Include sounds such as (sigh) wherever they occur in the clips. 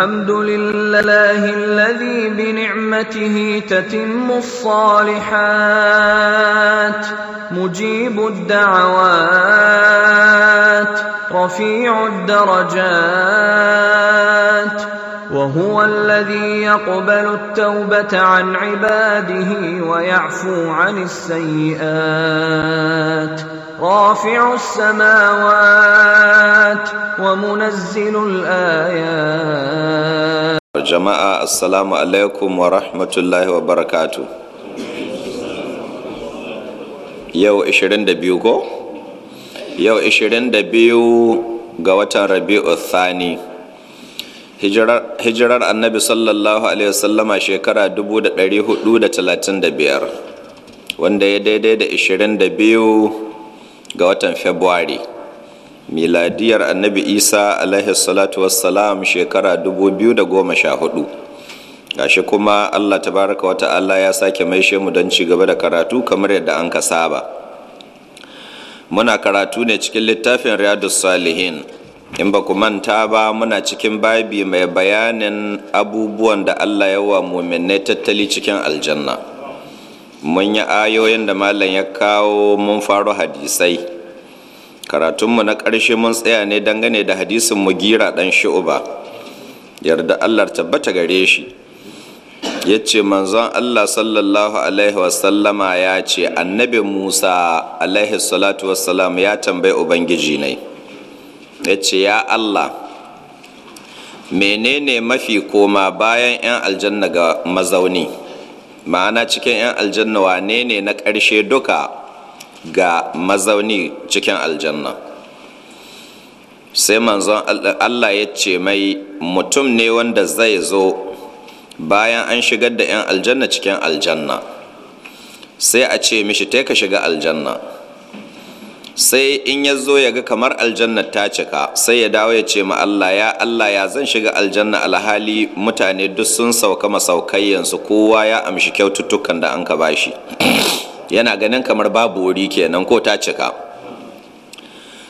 الحمد لله الذي بنعمته تتم الصالحات مجيب الدعوات رفيع الدرجات وهو الذي يقبل التوبه عن عباده ويعفو عن السيئات رافع السماوات ومنزل الآيات جماعة السلام عليكم ورحمة الله وبركاته yau 22 ko يو إشرين دبيو watan ربيع الثاني hijirar annabi sallallahu alaihi wasallama shekara 1435 wanda ya daidai da 22 ga watan february miladiyar annabi isa alaihi salatu wassalam shekara 2014 gashi kuma allah Ta baraka wata allah ya sake maishe mu don ci gaba da karatu kamar yadda an ka saba muna karatu ne cikin littafin riyadus salihin in ba ku manta ba muna cikin babi mai bayanin abubuwan da allah yawa muminai tattali cikin aljanna mun yi ayoyin da malam ya kawo mun faro hadisai karatunmu na ƙarshe mun tsaya ne dangane da hadisin gira ɗan shu'uba yarda allah tabbata gare shi ya ce manzon allah sallallahu alaihi wasallama ya ce annabi musa alaihi salatu wasallam ya tambayi ubangiji ne ya ce ya allah menene mafi koma bayan 'yan aljanna ga mazauni ma'ana cikin 'yan aljanna wane ne na ƙarshe duka ga mazauni cikin aljanna sai manzon allah ya ce mai mutum ne wanda zai zo bayan an shigar da 'yan aljanna cikin aljanna sai a ce mishi ta ka shiga aljanna sai in ya zo ya ga kamar aljanna ta cika sai ya dawo ya ce ma Allah ya Allah ya zan shiga aljanna alhali mutane duk sun sauka yansu kowa ya amshi kyaututtukan da an ka bashi (clears throat) yana ganin kamar babu wuri kenan ko ta cika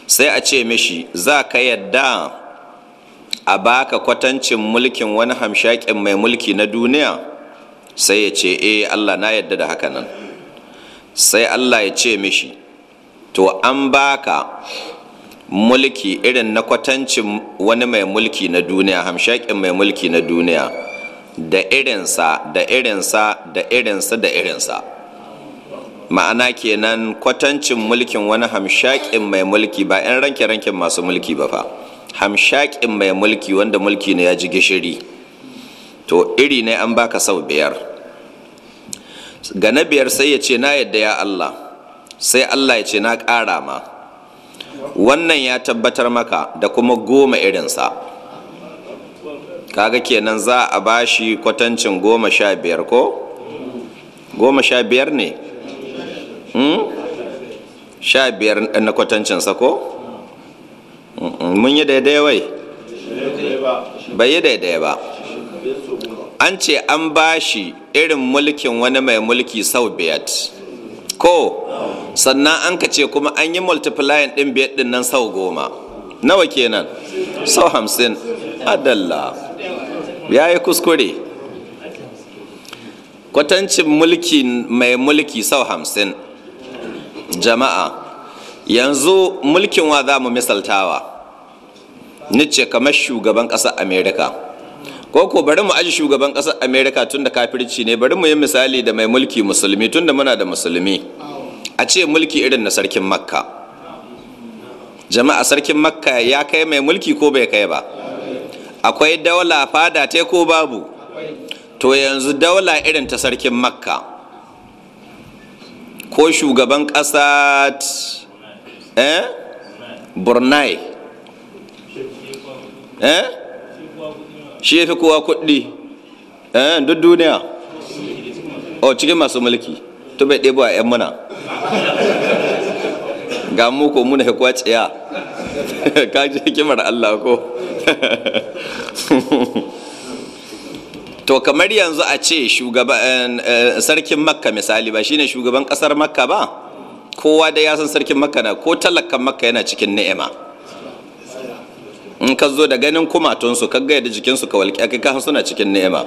sai a ce mishi za ka yadda a baka kwatancin mulkin wani hamshakin mai mulki na duniya sai ya ce eh Allah na yadda da haka nan sai Allah ya ce mishi to an baka mulki irin na kwatancin wani mai mulki na duniya hamshakin mai mulki na duniya da irinsa da irinsa da irinsa da irinsa ma'ana kenan kwatancin mulkin wani hamshakin mai mulki ba 'yan ranke-ranken masu mulki ba fa hamshakin mai mulki wanda mulki ne ya ji gishiri to iri ne an baka sau biyar ga na biyar sai ya ce na yadda ya Allah sai Allah ya ce na ƙara ma wannan ya tabbatar maka da kuma goma irinsa kaga kenan za a bashi kwatancin goma sha biyar ko? goma sha biyar ne? Hmm? sha biyar na kwatancinsa ko? mun yi daidai wai? bai yi daidai ba an ce an bashi irin mulkin wani mai mulki sau biyar. ko sannan an ka ce kuma an yi multiplying ɗin biyar ɗin nan sau goma nawa kenan sau hamsin adalla ya yi kuskure kwatancin mulki mai mulki sau hamsin jama'a yanzu mulkin wa za mu misaltawa nice kamar shugaban ƙasar amerika ko ko bari mu aji shugaban ƙasar amerika tun da kafirci ne bari mu yi misali da mai mulki musulmi tun da muna da musulmi a ce mulki irin na sarkin makka jama'a sarkin makka ya kai mai mulki ko bai kai ba akwai daula fada te ko babu to yanzu daula irin ta sarkin makka ko shugaban ƙasa eh? burnai eh? shi ya fi kowa kuɗi eh, duk duniya o oh, cikin masu mulki bai ɗebo a yan muna ga mu ko muna hekuwa tsaya (laughs) ka ji hikimar Allah ko (laughs) to kamar yanzu a ce shugaban eh, eh, sarkin makka misali ba shine shugaban kasar makka ba kowa da ya sarkin makka na ko talakan makka yana cikin ni'ima in ka zo da ganin kumatunsu ka ga yadda jikinsu ka walƙiya kai ka suna cikin ni'ima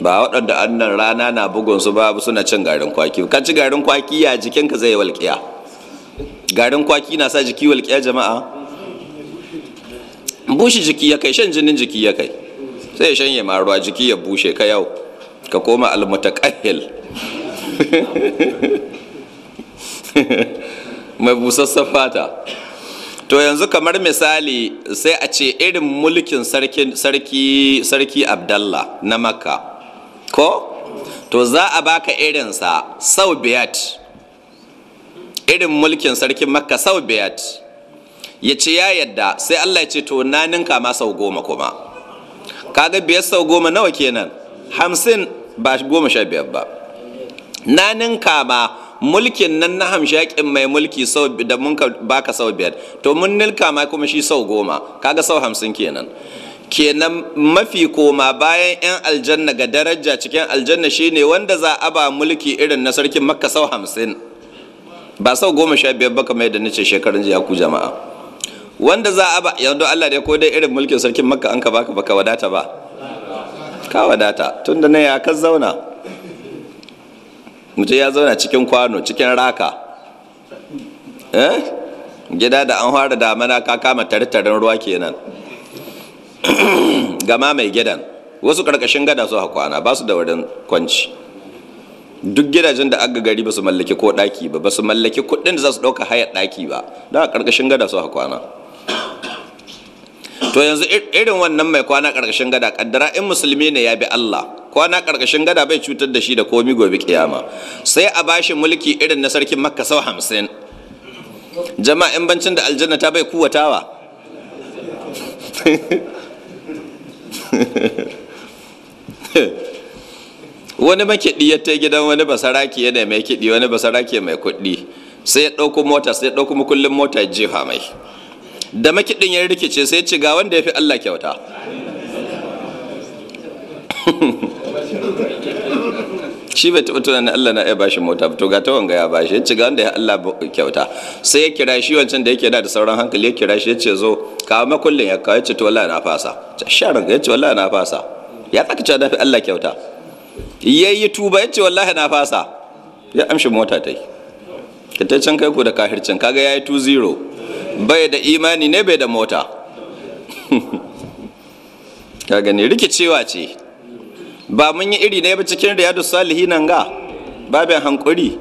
ba waɗanda annan rana na bugun su babu suna cin garin kwaki ka ci garin kwaki ya jikinka zai walƙiya garin kwaki na sa jiki walƙiya jama'a bushe jiki ya kai shan jinin jiki ya kai sai ya maruwa jiki ya bushe ka yau ka koma almutakahil (laughs) mai busassan fata to yanzu kamar misali sai a ce irin mulkin sarki abdallah na makka ko to za a baka irinsa sau biyat irin mulkin sarkin makka sau biyat ya ce ya yadda sai allah ya ce to na ninka ma sau goma kuma kaga biyar sau goma nawa kenan hamsin ba goma sha biyar ba na ninka ma mulkin nan na hamshakin mai mulki sau da mun baka sau biyar to mun nilka ma kuma shi sau goma kaga sau hamsin kenan kenan mafi koma bayan 'yan aljanna ga daraja cikin aljanna shine wanda za a ba mulki irin na sarkin makka sau hamsin ba sau goma sha biyar baka mai da nace shekarun jiya ku jama'a wanda za a ba yanzu allah dai ko dai irin mulkin sarkin makka an ka baka baka wadata ba ka wadata tun da na ya ka zauna mutum ya zauna cikin kwano cikin raka eh gida da an fara damana ka kama tare-taren ruwa kenan gama mai gidan wasu karkashin gada su kwana ba su da wurin kwanci duk gidajen da aka gari ba su mallaki ko daki ba ba su mallaki kuɗin da za su ɗauka hayar daki ba da karkashin gada su kwana to yanzu irin wannan mai kwana karkashin gada kaddara in musulmi ne ya bi Allah kwana karkashin gada bai cutar da shi da komi gobe kiyama sai a bashi mulki irin na sarkin makka sau hamsin jama'in bancin da aljanna ta bai kuwatawa (laughs) (laughs) wani makiɗi ya ta gidan wani basaraki yana mai kiɗi wani basaraki mai kuɗi sai ya ɗauko mota sai ya ɗauko makullin mota jefa mai da makiɗin ya rikice sai ya ci ga wanda ya fi Allah kyauta shi bai taɓa tunanin Allah na iya bashi mota to ga ta wanga ya bashi ya ci ga wanda ya Allah kyauta sai ya kira shi wancan da yake da da sauran hankali ya kira shi ya ce zo kawo makullin ya kawo ya ce to Allah na fasa sharan ya ce wallahi na fasa ya tsaka cewa dafi Allah kyauta ya yi tuba ya ce wallahi na fasa ya amshi mota ta yi ka ta can kai ku da kahircin kaga ya yi tu zero. bai da imani ne bai da mota (laughs) ka gani rikicewa ce ba mun yi iri ne ba cikin riyadu nan ga babin hankuri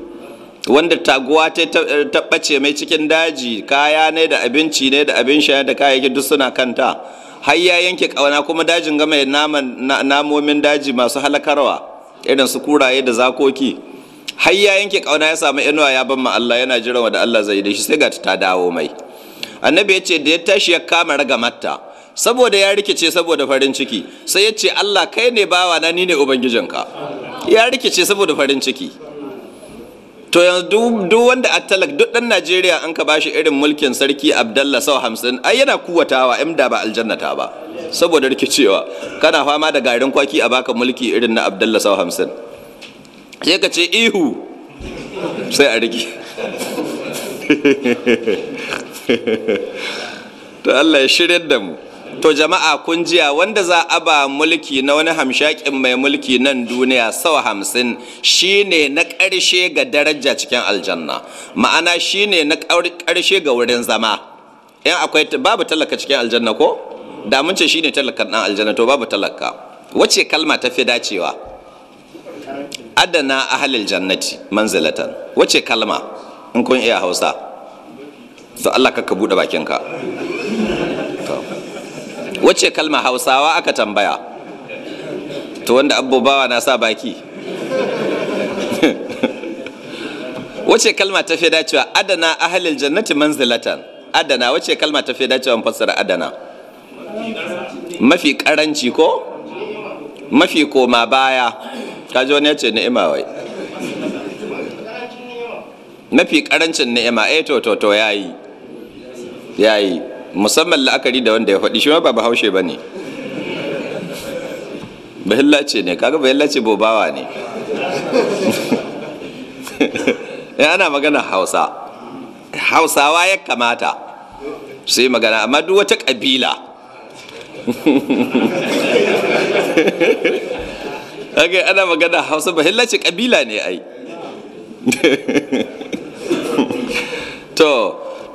wanda taguwa ta tabbace mai cikin daji kaya ne da abinci ne da abin sha da kayayyaki duk suna kanta har ya yanke kauna kuma dajin gama namomin daji masu halakarwa irin su kuraye da zakoki har ya yanke kauna ya samu inuwa ya ban ma Allah yana jiran wa da Allah zai da shi sai ga ta dawo mai annabi ya ce da ya tashi ya kama ragamatta. saboda ya rikice saboda farin ciki sai ya ce Allah kai ne bawa na ni ne ubangijinka ya rikice saboda farin ciki to yanzu duk wanda a talak duk dan Najeriya an ka bashi irin mulkin sarki Abdallah sau hamsin ai yana kuwatawa imda ba aljannata ba saboda rikicewa kana fama da garin kwaki a baka mulki irin na Abdallah sau hamsin sai ka ce ihu sai a rike (laughs) to Allah ya shirya da mu to jama'a kun jiya wanda za a ba mulki na wani hamshakin mai mulki nan duniya sau hamsin shine na ƙarshe ga daraja cikin aljanna ma'ana shine na ƙarshe ga wurin zama Yan akwai babu talaka cikin aljanna ko da mun ce shine talakan ɗan aljanna to babu talaka wace kalma ta fi dacewa adana ahalil jannati manzilatan wace kalma in kun iya hausa to Allah ka ka buɗe bakinka wace kalma hausawa aka tambaya to wanda abubawa na sa baki (laughs) wace kalma ta fi dacewa adana ahalil jannati manzilatan adana wace kalma ta fi dacewa fassara adana mafi karanci ko mafi koma baya kaji wani yace ni'ima wai mafi karancin ni'ima eh to to to yayi yayi musamman la'akari da wanda ya faɗi shi ma ba bahaushe ba ne bahilla ce ne kaga bahilla ce bobawa ne ya (laughs) eh, ana magana hausa hausawa ya kamata su yi magana amma duk wata ƙabila ake (laughs) ana magana hausa bahilla ce ƙabila ne ai (laughs) to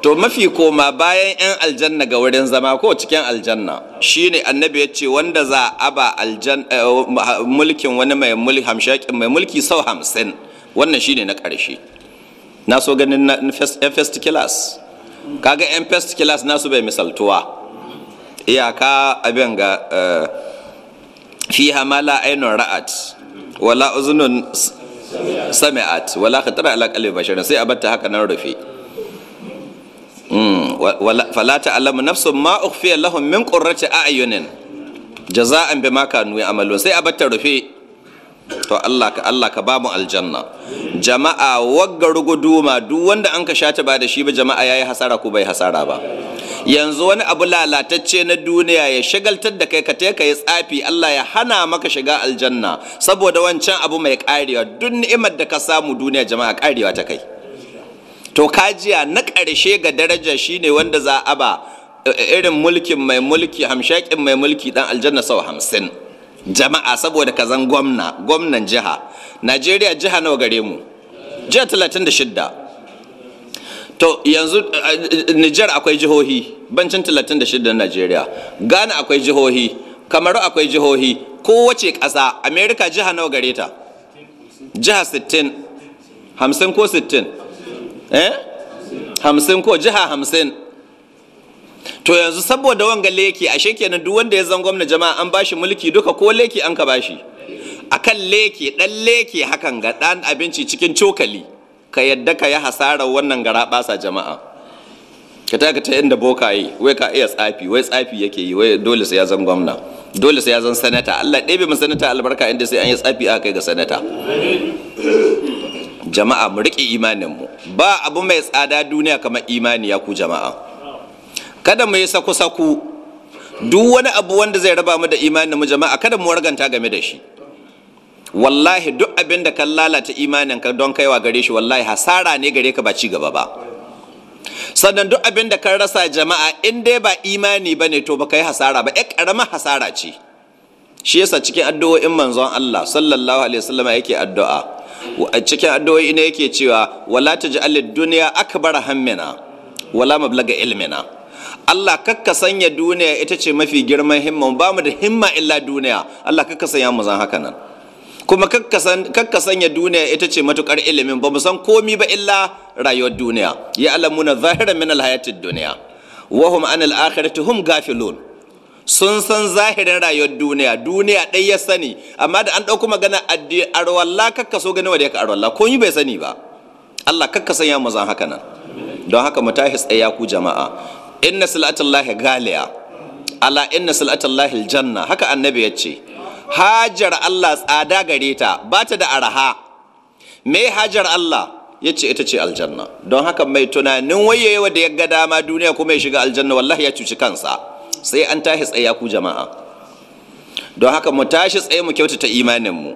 to mafi koma bayan 'yan aljanna ga wurin zama ko cikin aljanna shine annabi ya ce wanda za a ba eh, mulkin wani mai mai mulki sau hamsin wannan shine na ƙarshe na so ganin na first class kaga 'yan first class nasu bai misaltuwa iyaka abin ga eh, fi hamala ainun ra'at wala uzunun sami'at wala khatara ala bashirin, sai a batta haka nan rufe Mm. fala alamu nafsu ma ukhfiya lahum min qurrati a'yunin jaza'an bima kanu ya'malun sai a batta rufe to Allah ka Allah ka bamu aljanna jama'a wagga ruguduma duk wanda an ka shata ba da shi ba jama'a ya yi hasara ko bai hasara ba yanzu wani abu lalatacce na duniya ya shagaltar da kai ka ta ka yi tsafi Allah ya hana maka shiga aljanna saboda wancan abu mai karewa duk ni'imar da ka samu duniya jama'a karewa ta kai to kajiya na ƙarshe ga daraja shine wanda za a ba eh, irin mulkin mai mulki hamshakin mai mulki dan aljanna sau hamsin jama'a saboda kazan gwamna gwamnan jiha najeriya jiha nawa gare mu jiha talatin da shidda to yanzu eh, nijar akwai jihohi bancin talatin da shidda najeriya ghana akwai jihohi kamaru akwai jihohi kowace ƙasa amerika jiha nawa gare ta jiha sittin hamsin ko sittin eh hamsin ko jiha hamsin to yanzu saboda wanga leki ashe kenan duk wanda ya zan gwamna jama'a an bashi mulki duka ko leki an ka bashi akan leke dan leke hakan ga dan abinci cikin cokali ka yadda ka yi hasarar wannan gara basa jama'a ka ta ta inda boka yi wai ka iya tsafi wai tsafi yake yi wai dole sai ya zan gwamna dole sai ya zan sanata Allah ɗebe mu sanata albarka inda sai an yi tsafi aka kai ga sanata jama'a mu riƙe imaninmu ba abu mai tsada duniya kamar imani ya ku jama'a kada mu yi saku-saku duk wani abu wanda zai raba mu da imaninmu jama'a kada mu warganta game da shi wallahi duk abin da kan lalata imaninka don kaiwa gare shi wallahi hasara ne gare ka ba ci gaba ba sannan duk abin da kan rasa jama'a in dai ba imani ba ne to ba kai hasara ba ya karama hasara ce shi yasa cikin addu'o'in manzon Allah sallallahu alaihi wasallam yake addu'a A cikin addu'o'i ne yake cewa wala taj'al dunya akbar hammina wala mablaga ilmina Allah kakka sanya duniya ita ce mafi girman himma ba mu da himma illa duniya Allah kakka sanya mu zan haka nan kuma kakka sanya duniya ita ce matukar ilimin ba mu san komi ba illa rayuwar duniya ya alamuna zahiran min alhayatid duniya wahum an al-akhirati hum gafilun sun san zahirin rayuwar duniya duniya ɗai ya sani amma da an ɗauko magana addini arwalla kakka so gani wadda ya ka arwalla ko yi bai sani ba Allah kakka ya mu zan haka nan don haka mu tashi tsaya ku jama'a inna salatullahi galiya ala inna salatullahi aljanna haka annabi ya ce hajar Allah tsada gare ta ba ta da araha me hajar Allah ya ce ita ce aljanna don haka mai tunanin wayewa da ya ga dama duniya kuma ya shiga aljanna wallahi ya cuci kansa sai an tashi tsaye ku jama'a don haka mu tashi tsaye mu kyautata imaninmu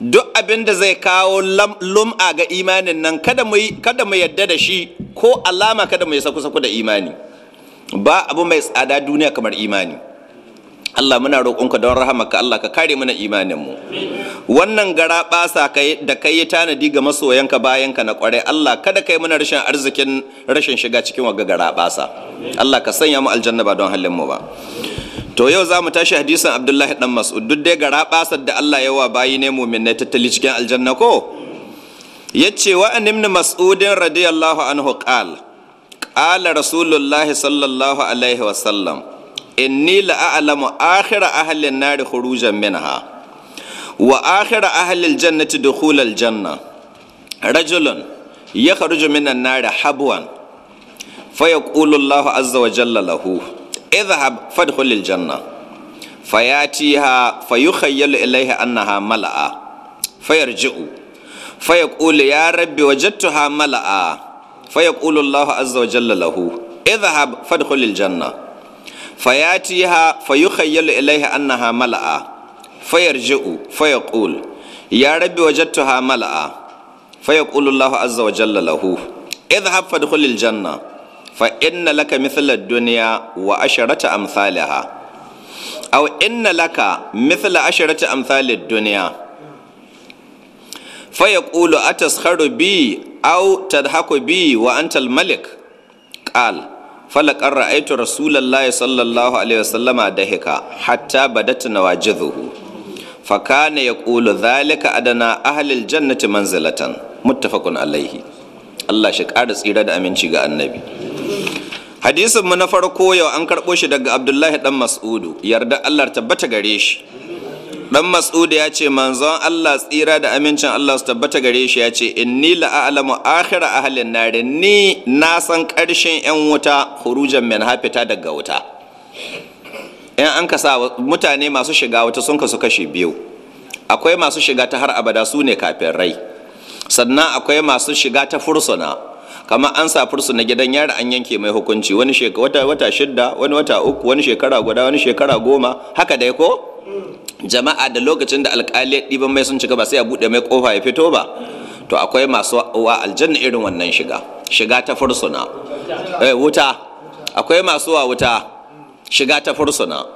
duk abin da zai kawo lum'a ga imanin nan kada mu yadda da shi ko alama kada mu yi saku-saku da imani ba abu mai tsada duniya kamar imani Allah muna roƙonka don rahamaka Allah ka kare mana imaninmu wannan gara ɓasa da kai ya tanadi ga masoyanka bayanka na ƙwarai Allah kada kai mana rashin arzikin rashin shiga cikin waga gara ɓasa. Allah ka sanya mu aljanna ba don halin mu ba to yau za mu tashi hadisin Abdullahi ɗan Mas'ud duk dai gara ɓasar da Allah yawa bayi ne na tattali cikin aljanna ko yace wa an mas'udin radiyallahu anhu ƙal. Ƙala rasulullahi sallallahu alaihi wa sallam. inni la'alamu akhira ahlin nari khurujan minha wa akhira ahlil jannati dukhulal janna rajulun yakhruju minan nari habwan fayaqulu Allahu azza wa jalla lahu idhhab fadkhulil janna fayatiha fayukhayyalu ilayha annaha mala'a fayarji'u fayaqulu ya rabbi wajadtuha mala'a fayaqulu Allahu azza wa jalla lahu janna fayatiha fayukhayyalu ilaiha annaha mala'a fayarji'u fayaqul ya rabbi wajadtuha mala'a fayaqulu Allah azza wa jalla lahu idhhab fadkhulil janna fa inna laka mithla ad-dunya wa asharata amsalha aw inna laka mithla asharata amsalid dunya fayaqulu ataskharu bi aw tadhaku bi wa antal malik qala falakar ra'aitu rasulallahi sallallahu alaihi wasallama da hika hatta na Faka fakana ya ƙulu zalika adana ahalil jannati manzilatan muttafaqun alaihi Allah shi ƙara tsira da aminci ga annabi hadisin mu na farko yau an karɓo shi daga abdullahi dan mas'udu yarda Allah tabbata gare shi dan mas'ud ya ce manzon Allah tsira da amincin Allah su tabbata gare shi ya ce inni la'alamu akhira ahlin nar ni na san karshen yan wuta hurujan min hafita daga wuta yan an kasa mutane masu shiga wuta sun kasu kashi biyu akwai masu shiga ta har abada su ne kafin rai sannan akwai masu shiga ta fursuna kamar an sa fursuna gidan yara an yanke mai hukunci wani wata wata shidda wani wata uku wani shekara guda wani shekara goma haka dai ko jama'a da lokacin da alkali ya ɗiban mai sun cika ba sai a buɗe mai kofa ya fito ba to akwai masu wa aljanna irin wannan shiga shiga ta fursuna eh wuta akwai masu wa wuta shiga ta fursuna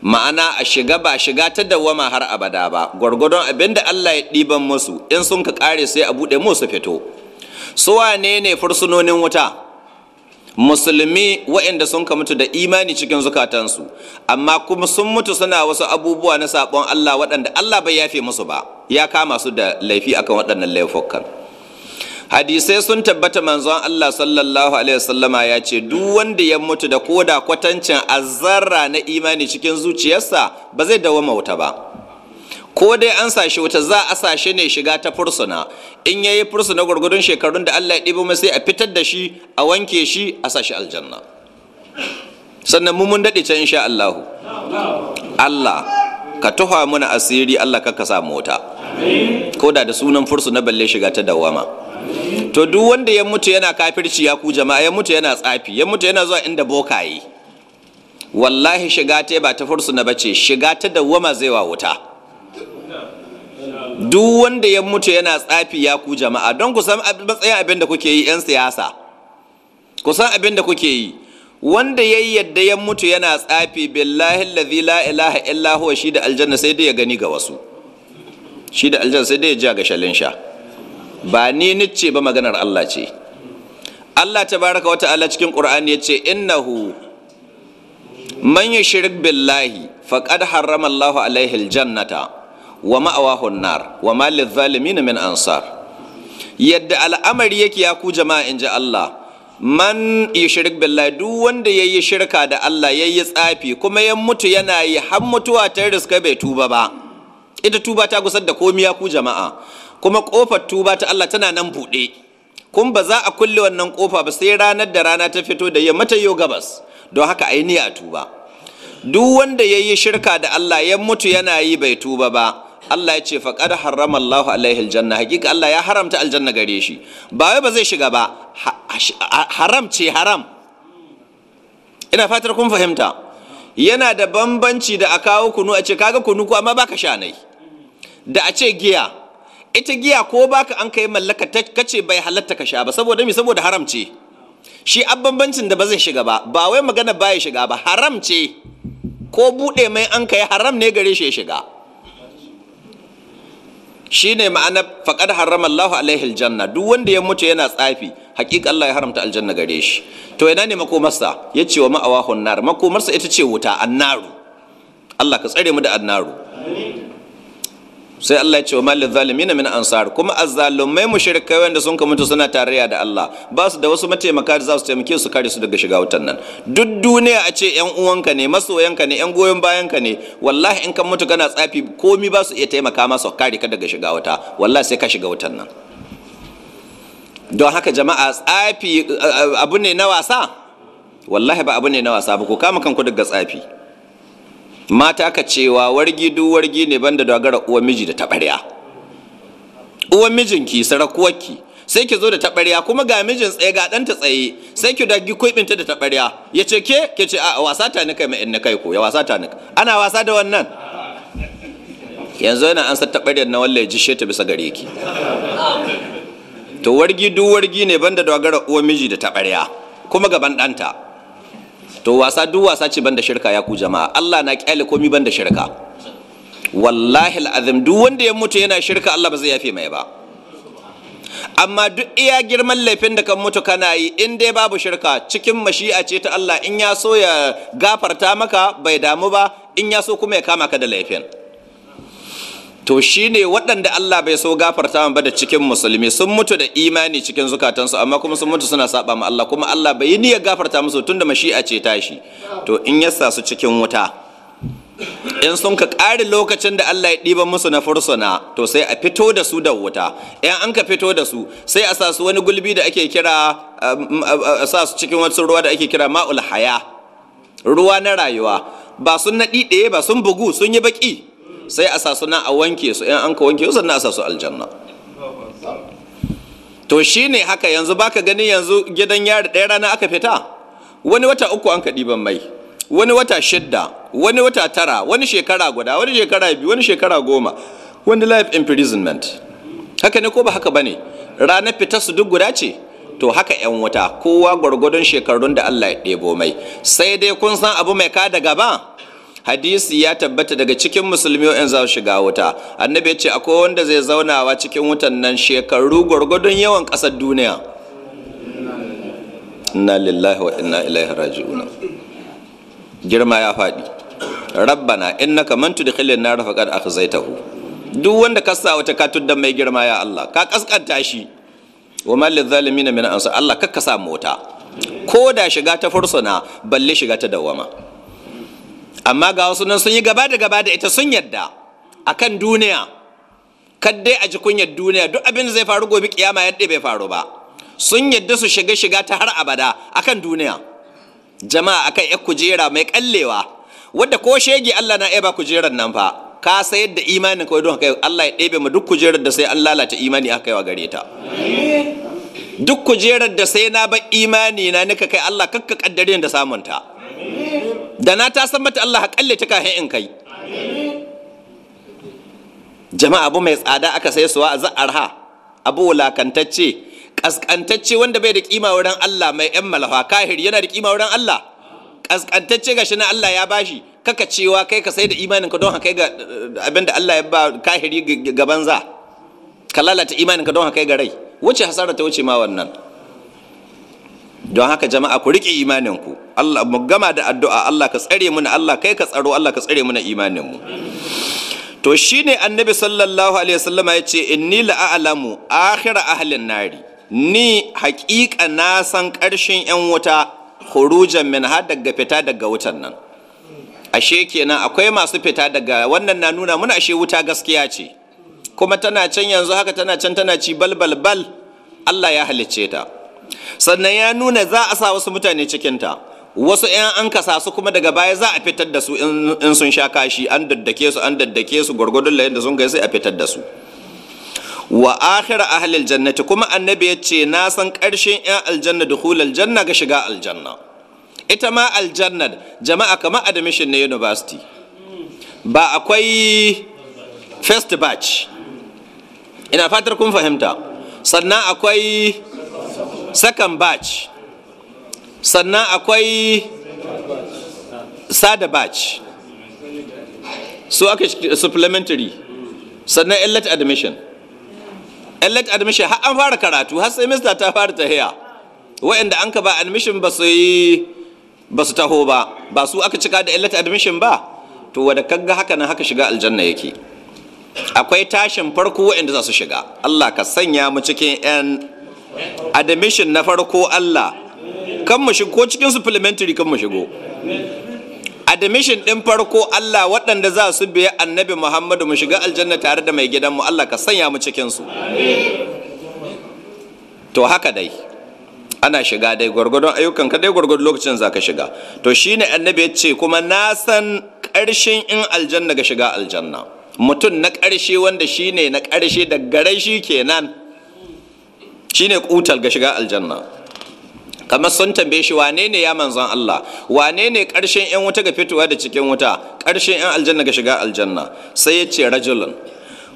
ma'ana a shiga ba shiga ta dawwama har abada ba gwargwadon abinda Allah ya ɗiban musu in sun ka kare sai a buɗe musu fito su wane ne fursunonin wuta musulmi waɗanda sun ka mutu da imani cikin zukatansu amma kuma sun mutu suna wasu abubuwa na saɓon Allah waɗanda Allah bai yafe musu ba ya kama su da laifi akan waɗannan laifukan hadisai sun tabbata manzon Allah sallallahu alaihi wasallama ya ce duk wanda ya mutu da koda kwatancin azzarra na imani cikin zuciyarsa ba zai dawo mauta ba ko dai an sashi wuta za a sashe ne shiga ta fursuna in ya yi fursuna gwargwadon shekarun da Allah ya ɗibi masai sai a fitar da shi a wanke shi a sashi aljanna sannan mun daɗe can insha Allahu Allah ka tuha muna asiri Allah ka kasa samu ko da da sunan fursuna balle shiga ta dawama to duk wanda ya mutu yana kafirci ya ku jama'a ya mutu yana tsafi ya mutu yana zuwa inda bokaye wallahi shiga ta ba ta fursuna bace shiga ta dawama zai wa wuta duk wanda ya mutu yana tsafi ya ku jama'a don ku san matsayin abin da kuke yi 'yan siyasa ku san abin da kuke yi wanda ya yadda ya mutu yana tsafi billahi lazi la ilaha illa huwa shi da aljanna sai dai ya gani ga wasu shi da aljanna sai dai ya ja ga shalin sha ba ni nice ba maganar Allah ce Allah tabaraka wa ta'ala cikin Qur'ani yace innahu man yushrik billahi faqad harrama Allahu alaihi aljannata wa ma'awahun nar wa malil zalimin min ansar yadda al'amari yake ya ku jama'a in ji Allah man shirk billahi duk wanda ya yi shirka da Allah ya yi tsafi kuma ya mutu yana yi har mutuwa ta riska bai tuba ba ita tuba ta gusar da ya ku jama'a kuma kofar tuba ta Allah tana nan buɗe kun ba za a kulle wannan kofa ba sai ranar da rana ta fito da ya mata yau gabas don haka ainihi a tuba duk wanda ya yi shirka da Allah ya mutu yana yi bai tuba ba Allah ya ce faƙar harrama Allahu alaihi aljanna hakika Allah ya haramta aljanna gare shi ba wai ba zai shiga ba haram ce haram ina fatar kun fahimta yana da bambanci da a kawo kunu a ce kaga kunu ko amma baka sha nai da a ce giya ita giya ko baka an kai mallaka kace bai halatta ka sha ba saboda mi saboda haram ce shi a bambancin da ba zai shiga ba ba wai magana baya shiga ba haram ce ko buɗe mai an kai haram ne gare shi ya shiga Shi ne ma'ana faƙar haram Allah alaihi aljanna duk wanda ya mutu yana tsafi haƙiƙa Allah ya haramta aljanna gare shi to ina ne makomarsa ya wa ma'awahun nar makomarsa ita ce wuta annaru Allah ka tsare mu da annaru sai Allah ya ce wa malil zalimin min ansar kuma azzalumai mushrikai wanda sun ka mutu suna tarayya da Allah ba su da wasu mataimaka da za su taimake su kare su daga shiga wutan nan duk duniya a ce yan uwanka ne masoyanka ne yan goyon bayanka ne wallahi in kan mutu kana tsafi komi ba su iya taimaka masa kare ka daga shiga wuta wallahi sai ka shiga wutan nan don haka jama'a tsafi eh, eh, abu ne na wasa wallahi ba abu ne na wasa ba ku kama kanku daga tsafi mata ka cewa wargi duk wargi ne banda dogara uwan miji da taɓarya uwan mijinki sarakuwarki sai ki zo da taɓarya kuma ga mijin tsaye ga ɗanta tsaye sai ki dagi kuɓinta da taɓarya ya ce ke ke ce a wasa ta nika mai inna kai ko ya wasa ta nika ana wasa da wannan yanzu yana an sa taɓaryar na wallahi jishe ta bisa gare ki to wargi duk wargi ne banda dogara uwan miji da taɓarya kuma gaban ɗanta to wasa duk wasa ce banda shirka ya ku jama'a Allah na kyale komi banda shirka wallahi al'azim duk wanda ya mutu yana shirka Allah ba zai yafe mai ba amma duk iya girman laifin da kan mutu kana yi in dai babu shirka cikin mashi'a ce ta Allah in ya so ya gafarta maka bai damu ba in ya so kuma ya kama ka da laifin to shi ne waɗanda Allah bai so gafarta ba da cikin musulmi sun mutu da imani cikin zukatansu amma kuma sun mutu suna saba ma Allah kuma Allah bai yi niyyar gafarta musu tunda mashi'a ce tashi to in ya su cikin wuta in sun ka ƙari lokacin da Allah ya ɗiba musu na fursuna to sai a fito da su da wuta in an ka fito da su sai a sa su wani gulbi da ake kira um, um, uh, uh, a sa su cikin wasu ruwa da ake kira ma'ul haya ruwa na rayuwa ba sun naɗi ɗaya ba sun bugu sun yi baƙi sai a sasu na a wanke su in an ka wanke su sannan a sasu aljanna to shi ne haka yanzu baka gani yanzu gidan yari ɗaya rana aka fita wani wata uku an ka ɗiban mai wani wata shidda wani wata tara wani shekara guda wani shekara biyu wani shekara goma wani life imprisonment haka ne ko ba haka bane Rana fita su duk guda ce to haka 'yan wata kowa gwargwadon shekarun da allah ya ɗebo mai sai dai kun san abu mai ka da gaba hadisi ya tabbata daga cikin musulmi wa'in za su shiga wuta annabi ya ce akwai wanda zai zaunawa cikin wutan nan shekaru gwargwadon yawan ƙasar duniya inna lillahi wa inna ilaihi raji'un girma ya faɗi rabbana innaka man tudkhilin nar faqad akhzaytahu duk wanda ka sa wata ka da mai girma ya Allah ka kaskanta shi wa mal lidh min ansa Allah kakka sa mota ko da shiga ta fursuna balle shiga ta dawama amma ga wasu nan sun yi gaba da gaba da ita sun yadda kan duniya kaddai a ji kunyar duniya duk abin da zai faru gobe kiyama yadda bai faru ba sun yadda su shiga shiga ta har abada a kan duniya jama'a akan kan kujera mai kallewa wadda ko shege Allah na ba kujerar nan fa ka sayar da imanin kawai don haka Allah ya ɗebe mu duk kujerar da sai an lalata imani aka yi wa gare ta duk kujerar da sai na bar imani na nika kai Allah kakka kaddare da samunta da na ta san mata Allah haƙalle ta kahin in kai jama'a abu mai tsada aka sai suwa a za'ar ha? abu wulakantacce ƙasƙantacce wanda bai da ƙima wurin Allah mai yan malafa kahir yana da ƙima wurin Allah Ƙasƙantacce ga shi na Allah ya bashi kaka cewa kai ka sai da imanin ka don haka ga eh, abinda Allah ya ba kahiri ga banza ka lalata imanin ka don haka ga rai wuce hasara ta wuce ma wannan don haka jama'a ku riƙe imaninku. ku Allah mu gama da addu'a Allah ka tsare muna Allah kai ka tsaro Allah ka tsare muna imanin mu to shine annabi sallallahu alaihi wasallama yace inni la'alamu akhir ahlin nari ni haƙiƙa na san ƙarshen yan wuta khurujan min daga fita daga wutan nan ashe kenan akwai masu fita daga wannan na nuna muna ashe wuta gaskiya ce kuma tana can yanzu haka tana can tana ci bal bal bal Allah ya halicce ta sannan ya nuna za a sa wasu mutane cikinta wasu 'yan an kasa su kuma daga baya za a fitar da su in sun sha kashi an daddake su an daddake su gwargwadon layin da sun gaisu a fitar da su wa akhir ahlil jannati kuma annabi ya ce na san karshen 'yan aljanna dukhul janna ga shiga aljanna ita ma aljanna jama'a kamar admission na university ba akwai first batch ina fatar kun fahimta sannan akwai second batch sannan akwai sada batch su aka supplementary sannan elect admission elect admission har an fara karatu har sai mista ta fara ta haya, wa'anda an ka ba admission ba su yi ba su taho ba ba su aka cika da elect admission ba to wada kaga haka nan haka shiga aljanna yake akwai tashin farko wa'anda za su shiga Allah ka sanya mu cikin 'yan admission na farko Allah kan mu shigo cikin supplementary kan mu shigo admission din farko Allah waɗanda za su biya annabi Muhammadu mu shiga aljanna tare da mai gidanmu Allah ka sanya mu cikin su to haka dai ana shiga dai gwargwadon ayyukan ka dai gwargwadon lokacin zaka shiga to shine annabi ya ce kuma na san ƙarshen in aljanna ga shiga aljanna mutum na ƙarshe wanda shine na ƙarshe da gare shi kenan shine kutal ga shiga aljanna kamar sun tambaye shi wane ne ya manzon Allah wane ne ƙarshen 'yan wuta ga fitowa da cikin wuta ƙarshen 'yan aljanna ga shiga aljanna sai ya ce rajulun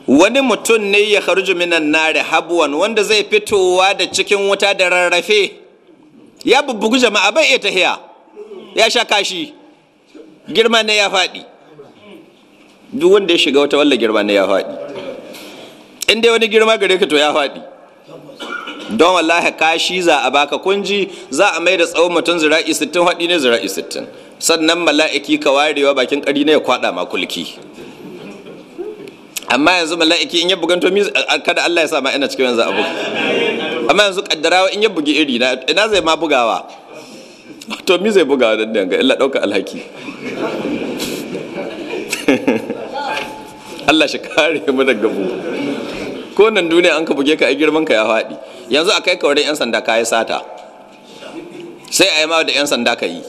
wani mutum ne ya kharuju minan nari habwan wanda zai fitowa da cikin wuta da rarrafe ya bubbugu jama'a bai iya tahiya ya sha kashi girma ne ya faɗi duk wanda ya shiga wata walla girma ne ya faɗi in dai wani girma gare ka to ya faɗi don wallahi kashi za a baka kunji za a mai da tsawon mutum zira'i sittin haɗi ne zira'i sittin sannan mala'iki ka warewa bakin ƙari ne ya kwaɗa ma kulki amma yanzu mala'iki in ya ganto mi kada Allah ya sa ma ina cikin yanzu abu amma yanzu kaddarawa in ya bugi iri na ina zai ma bugawa to mi zai bugawa da danga illa dauka alhaki (laughs) Allah shi kare mu daga bu ko nan duniya an ka buge ka a girman ka ya faɗi yanzu a kai ka wurin 'yan sanda ka yi sata sai a yi mawa da 'yan sanda ka yi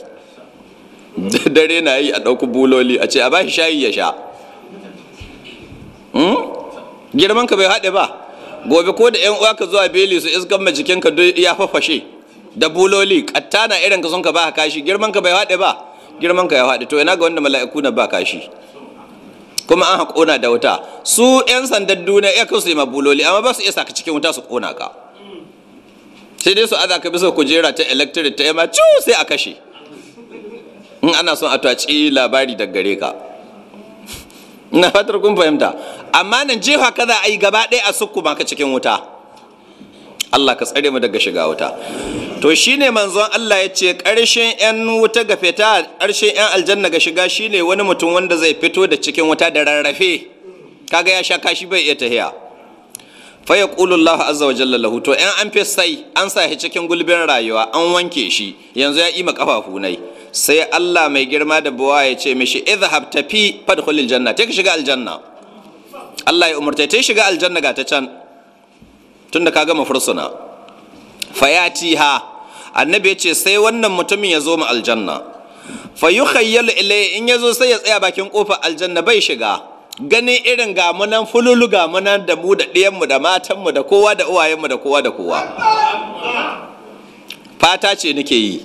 (laughs) dare na yi a ɗauku buloli a ce a bashi shayi ya sha hmm? girman ka bai haɗe ba gobe ko da 'yan uwa ka zuwa beli su iskan majikin ka duk ya fafashe da buloli ƙatta na irin ka sun ka ba kashi girman ka bai haɗe ba girman ka ya haɗe to ina ga wanda mala'iku na ba kashi kuma an haƙona da wuta su 'yan sandan duniya ya su yi ma buloli amma ba su iya saka cikin wuta su ƙona ka sai dai su aza ka bisa kujera ta electric ta yamma cu sai a kashe in ana son a taci labari daga gare ka na fatar kun fahimta amma nan jefa ka za a yi gaba ɗaya a sukku ka cikin wuta Allah ka tsare mu daga shiga wuta to shine manzon Allah ya ce ƙarshen 'yan wuta ga fita ƙarshen 'yan aljanna ga shiga shine wani mutum wanda zai fito da cikin wuta da rarrafe kaga ya sha kashi bai iya tahiya Faya yaqulu Allahu azza wa jalla lahu to in an fi sai an sa shi cikin gulbin rayuwa an wanke shi yanzu ya ima kafafu nai sai Allah mai girma da buwa ya ce mishi idhhab tafi fadkhulil janna take shiga aljanna Allah ya umarta ta shiga aljanna ga ta can tunda ka gama fursuna fayatiha annabi ya ce sai wannan mutumin ya zo mu aljanna fa yukhayyalu ilai in zo sai ya tsaya bakin kofar aljanna bai shiga ganin irin ga munan fululu ga munan da mu da ɗiyanmu da matanmu da kowa da uwayenmu da kowa da kowa fata ce nake yi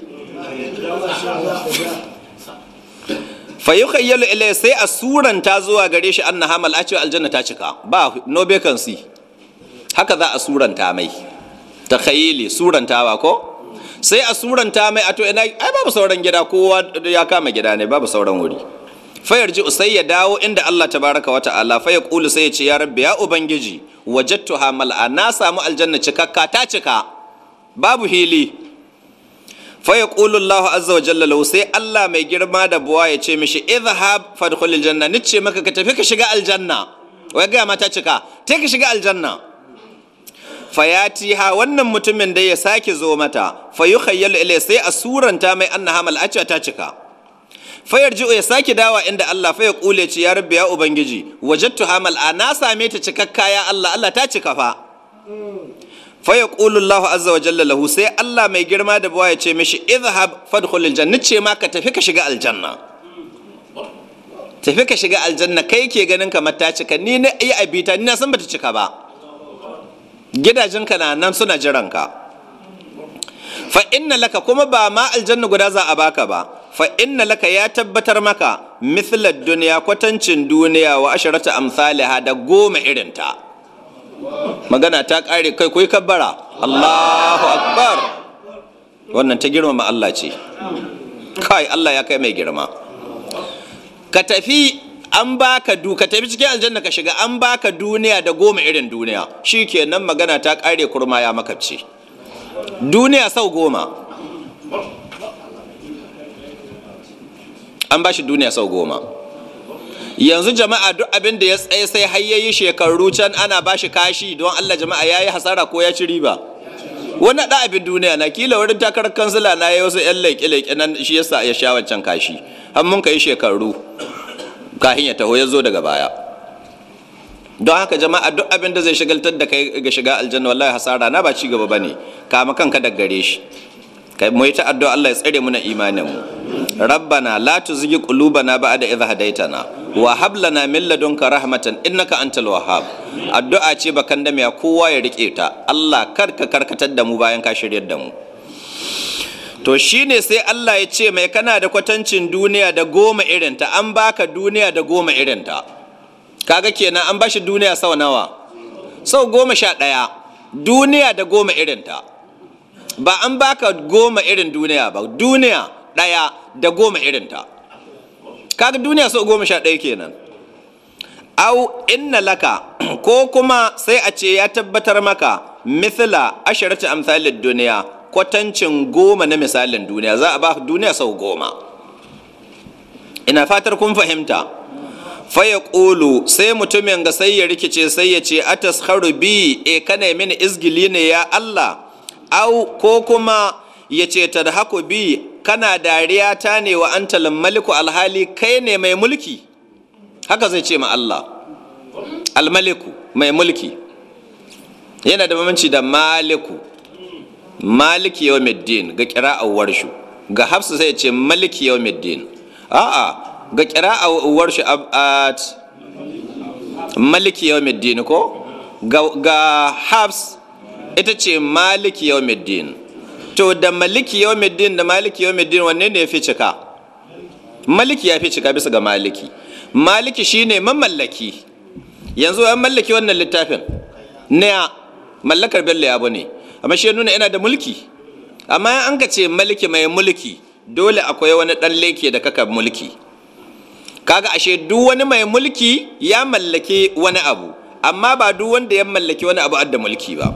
fayyukayyalu ilai sai a ta zuwa gare shi an na hamal a cewa aljanna ta cika ba no si haka za a ta mai ta khayili surantawa ko sai a ta mai a to ina ai babu sauran gida kowa ya kama gida ne babu sauran wuri fayarji sai ya dawo inda Allah tabaraka wa ta'ala fa yaqulu sai ya ce ya rabbi ya ubangiji wajadtuha mal'a na samu aljanna cikakka ta cika babu hili fa yaqulu Allah azza wa jalla lahu sai Allah mai girma da buwa ya ce mishi idhhab fadkhul aljanna nice maka ka tafi ka shiga aljanna wai ga mata cika ta ka shiga aljanna fayatiha wannan mutumin da ya sake zo mata fayukhayyalu ilay sai asuranta mai annaha mal'a ta cika fayar ji'u ya eh, sake dawa inda Allah fa ya kule ci ya rabbi ya ubangiji wajattu hamal a na same ta cikakka ya Allah Allah ta cika fa faya Allah azza wa jalla lahu sai Allah mai girma da bawa ya ce mishi izhab fadkhul aljanna ce ma ka tafi ka shiga aljanna tafi ka shiga aljanna kai ke ganin kamar ta cika ni na ai abita ni na san bata cika ba gidajenka na nan suna jiranka fa inna laka kuma ba ma aljanna guda za a baka ba fa inna laka ya tabbatar maka mithlad duniya kwatancin duniya wa asharata amsalaha da goma irinta magana ta kare kai kuyi kabbara Allahu akbar wannan ta girmama Allah ce kai Allah ya kai mai girma ka tafi an baka du ka tafi cikin aljanna ka shiga an baka duniya da goma irin duniya shikenan magana ta kare kurma ya makabci duniya sau goma an ba shi duniya sau goma yanzu jama'a duk abin da ya tsaye sai har shekaru can ana ba shi kashi don Allah jama'a ya yi hasara ko ya ci riba wani da abin duniya na kila wurin takarar kansila na yi wasu yan leƙe leƙe nan shi yasa ya sha wancan kashi har mun kai shekaru kahin ya taho ya zo daga baya don haka jama'a duk abin da zai shigaltar da kai ga shiga aljanna wallahi hasara na ba ci gaba bane kama kanka gare shi kai mu yi ta addu'a Allah ya tsare muna imanin mu rabbana la tuzigi qulubana ba'da idh hadaitana wa hab lana min ladunka rahmatan innaka antal wahhab addu'a ce bakan da ya kowa ya rike ta Allah karka karkatar da mu bayan ka shiryar da mu to shine sai Allah ya ce mai kana da kwatancin duniya da goma irinta an baka duniya da goma irinta kaga kenan an bashi duniya sau nawa sau goma sha ɗaya duniya da goma irinta ba an baka goma irin duniya ba duniya ɗaya da goma irinta kaga duniya sau goma sha ɗaya kenan au inna laka (clears throat) ko kuma sai a ce ya tabbatar maka ta asharati amsalin duniya kwatancin goma na misalin duniya za a ba duniya sau goma ina fatar kun fahimta faya ƙulu sai mutumin ga sai ya rikice sai ya ce atas bi e eh, kanai mini izgili ne ya Allah au ko kuma ya ce tadhaku bi kana dariya ta ne wa an maliku alhali kai ne mai mulki haka zai ce ma Allah almaliku mai mulki yana da mamanci da maliku maliki yau meddin ga kira'ar warshu ga hafsa sai ce maliki yau meddin a'a ga kira a warshu at maliki yau meddin ko ga hafsa ita ce maliki yawmiddin to da maliki yawmiddin da maliki yawmiddin wanne ne ya fi cika maliki ya fi cika bisa ga maliki maliki shine mamallaki yanzu an mallaki wannan littafin na mallakar bello ya ne amma shi nuna yana da mulki amma an ka ce maliki mai mulki dole akwai wani dan leke da kaka mulki kaga ashe duk wani mai mulki ya mallaki wani abu amma ba duk wanda ya mallaki wani abu adda mulki ba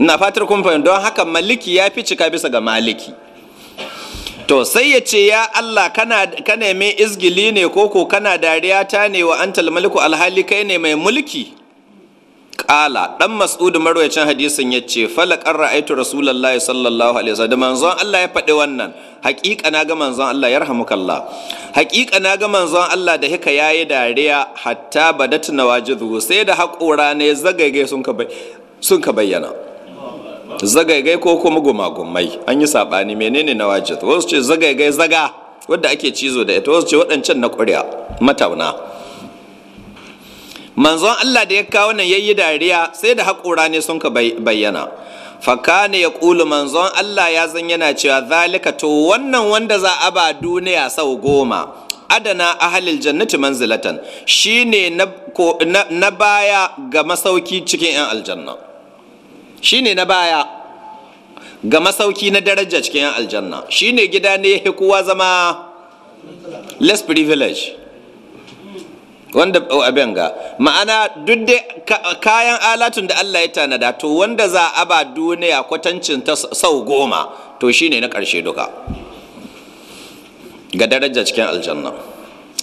ina fatar kun fahimta don haka maliki ya fi cika bisa ga maliki to sai ya ce ya Allah kana kana mai izgili ne koko kana dariya ta ne wa antal maliku alhali kai ne mai mulki Ƙala, ɗan Mas'udu marwayacin hadisin ya ce falakar ra'aitu rasulullahi sallallahu alaihi wasallam manzon Allah ya faɗi wannan haƙiƙa na ga manzon Allah ya kalla. haƙiƙa na ga manzon Allah da hika yayi dariya hatta badat nawajidu sai da haƙora ne zagage sun ka sun ka bayyana zagaigai ko kuma gumagumai an yi saɓani menene na wajid wasu ce zagaigai zaga wadda ake cizo da ita wasu ce waɗancan na ƙuri'a matauna manzon Allah da ya kawo nan yayi dariya sai da haƙura ne sun ka bayyana fakane ya ƙulu manzon Allah ya zan yana cewa zalika to wannan wanda za a ba duniya sau goma adana ahalil jannati manzilatan shine na baya ga masauki cikin 'yan aljanna shine na baya ga masauki na daraja cikin aljanna shine gida ne ya kowa zama less privilege wanda oh, abin ga ma'ana duk da kayan alatun da Allah ya tanada to wanda za a ba duniya kwatancin ta sau goma to shine na ƙarshe duka ga daraja cikin aljanna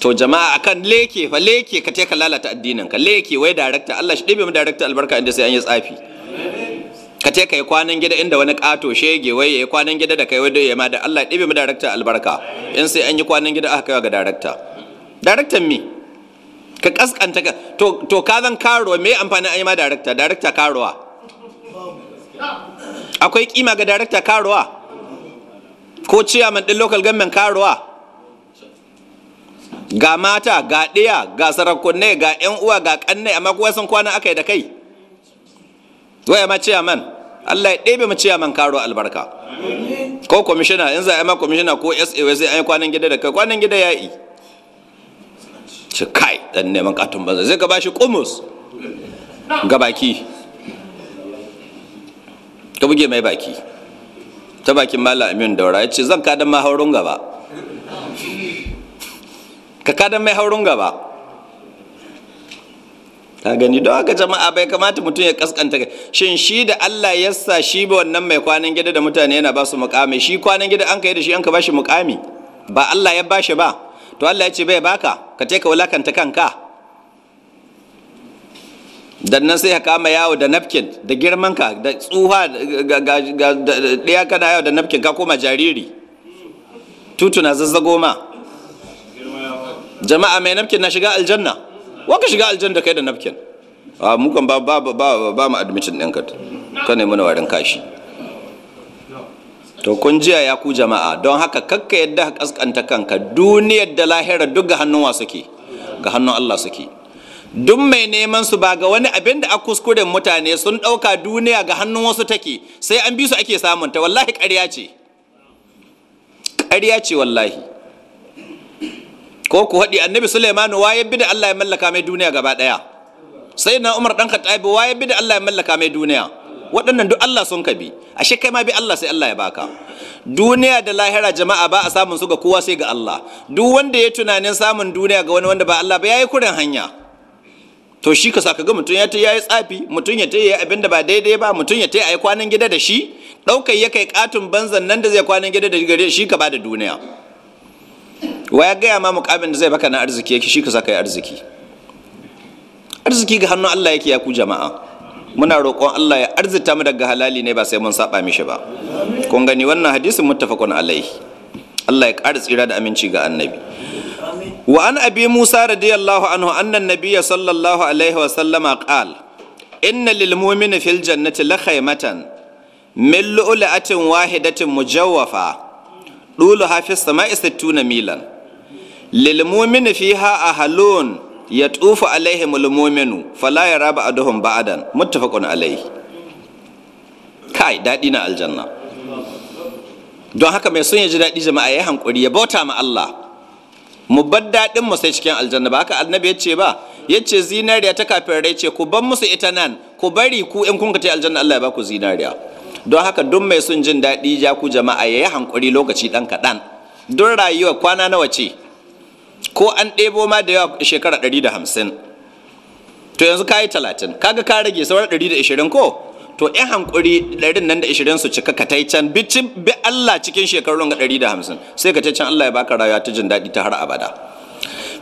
to jama'a akan leke fa leke ka teka ka lalata addinin ka leke wai darakta Allah shi ɗibe mu darakta albarka inda sai an yi tsafi ka ce ka yi kwanan gida inda wani kato shege wai ya yi kwanan gida da kai wai ya ma da Allah ɗibe mu darakta albarka in sai an yi kwanan gida aka kai ga darakta daraktan mi ka kaskanta ka to ka zan karuwa me amfani an yi ma darakta darakta karuwa akwai kima ga darakta karuwa ko man ɗin local government karuwa ga mata ga ɗiya ga sarakunai ga 'yan uwa ga ƙannai, amma kuwa sun kwana aka yi da kai waya ma man. Allah ya ɗebe mu ciyaman karo albarka ko kwamishina in za a yi ma kwamishina ko sa sai an yi kwanan gida da kai kwanan gida ya yi ci kai dan neman katon banza zai ka bashi kumus ga baki ka buge mai baki ta bakin mala amin daura ya ce zan kadan ma haurun gaba ka kadan mai haurun gaba ta gani don haka jama'a bai kamata mutum ya kaskanta kai shin shi da Allah ya sa shi ba wannan mai kwanan gida da mutane yana ba su mukami shi kwanan gida an kai da shi an ka ba shi mukami ba Allah ya ba shi ba to Allah ya ce bai baka ka ka wulakanta kanka dan nan sai ka kama yawo da napkin da girmanka da tsuha ga ɗaya kana yawo da napkin ka koma jariri tutuna zazzago ma jama'a mai napkin na shiga aljanna waka ka shiga aljanna kai da napkin a mukan ba ba ba ba mu admission din ka ne mana warin kashi to kun jiya ya ku jama'a don haka kakka yadda kaskanta kanka duniyar da lahira duk ga hannun wa suke ga hannun Allah suke duk mai neman su ba ga wani abin da a kuskuren mutane sun ɗauka duniya ga hannun wasu take sai an bi su ake samunta wallahi ƙarya ce ƙarya ce wallahi ko ku haɗi annabi sulaimanu waye bi da allah ya mallaka mai duniya gaba ɗaya sai na umar ɗan khattabi waye bi da allah ya mallaka mai duniya waɗannan duk allah sun ka bi ashe kai ma bi allah sai allah ya baka duniya da lahira jama'a ba a samun su ga kowa sai ga allah duk wanda ya tunanin samun duniya ga wani wanda ba allah ba yayi kuren hanya to shi ka saka ga mutum ya ta yayi tsafi mutum ya ta yi abin da ba daidai ba mutum ya ta yi kwanan gida da shi ɗaukar ya kai katun banzan nan da zai kwanan gida da shi ka ba da duniya wa ya gaya ma mukamin da zai baka na arziki yake shi ka saka yi arziki arziki ga hannun Allah yake ya ku jama'a muna roƙon Allah ya arzita mu daga halali ne ba sai mun saba mishi ba kun gani wannan hadisin muttafaqun alaihi Allah ya ƙara tsira da aminci ga annabi wa an abi musa radiyallahu anhu annan nabiyya sallallahu alaihi wa sallama qal inna lil mu'mini fil jannati la khaymatan min lu'latin wahidatin mujawwafa dulu hafis sama'i 60 milan lilmumini fiha halon ya tufu alaihi mulmuminu fala ya raba aduhum ba'adan muttafaqun alaihi kai daɗi na aljanna don haka mai son ya ji daɗi jama'a ya hankuri ya bauta ma Allah mu bar daɗin mu sai cikin aljanna ba haka annabi ya ce ba ya ce zinariya ta kafin ce ku bar musu ita nan ku bari ku in kun ta aljanna Allah ya ba zinariya don haka duk mai sun jin daɗi ya ku jama'a ya yi hankuri lokaci ɗan kaɗan don rayuwa kwana nawa ce ko an ɗebo ma da yawa shekara 150 to yanzu ka yi 30 kaga ka rage sauran 120 ko to yan hankuri 120 su cika ka taicen bi Allah cikin shekarun ga 150 sai ka taicen Allah ya baka rayuwa ta jin daɗi ta har abada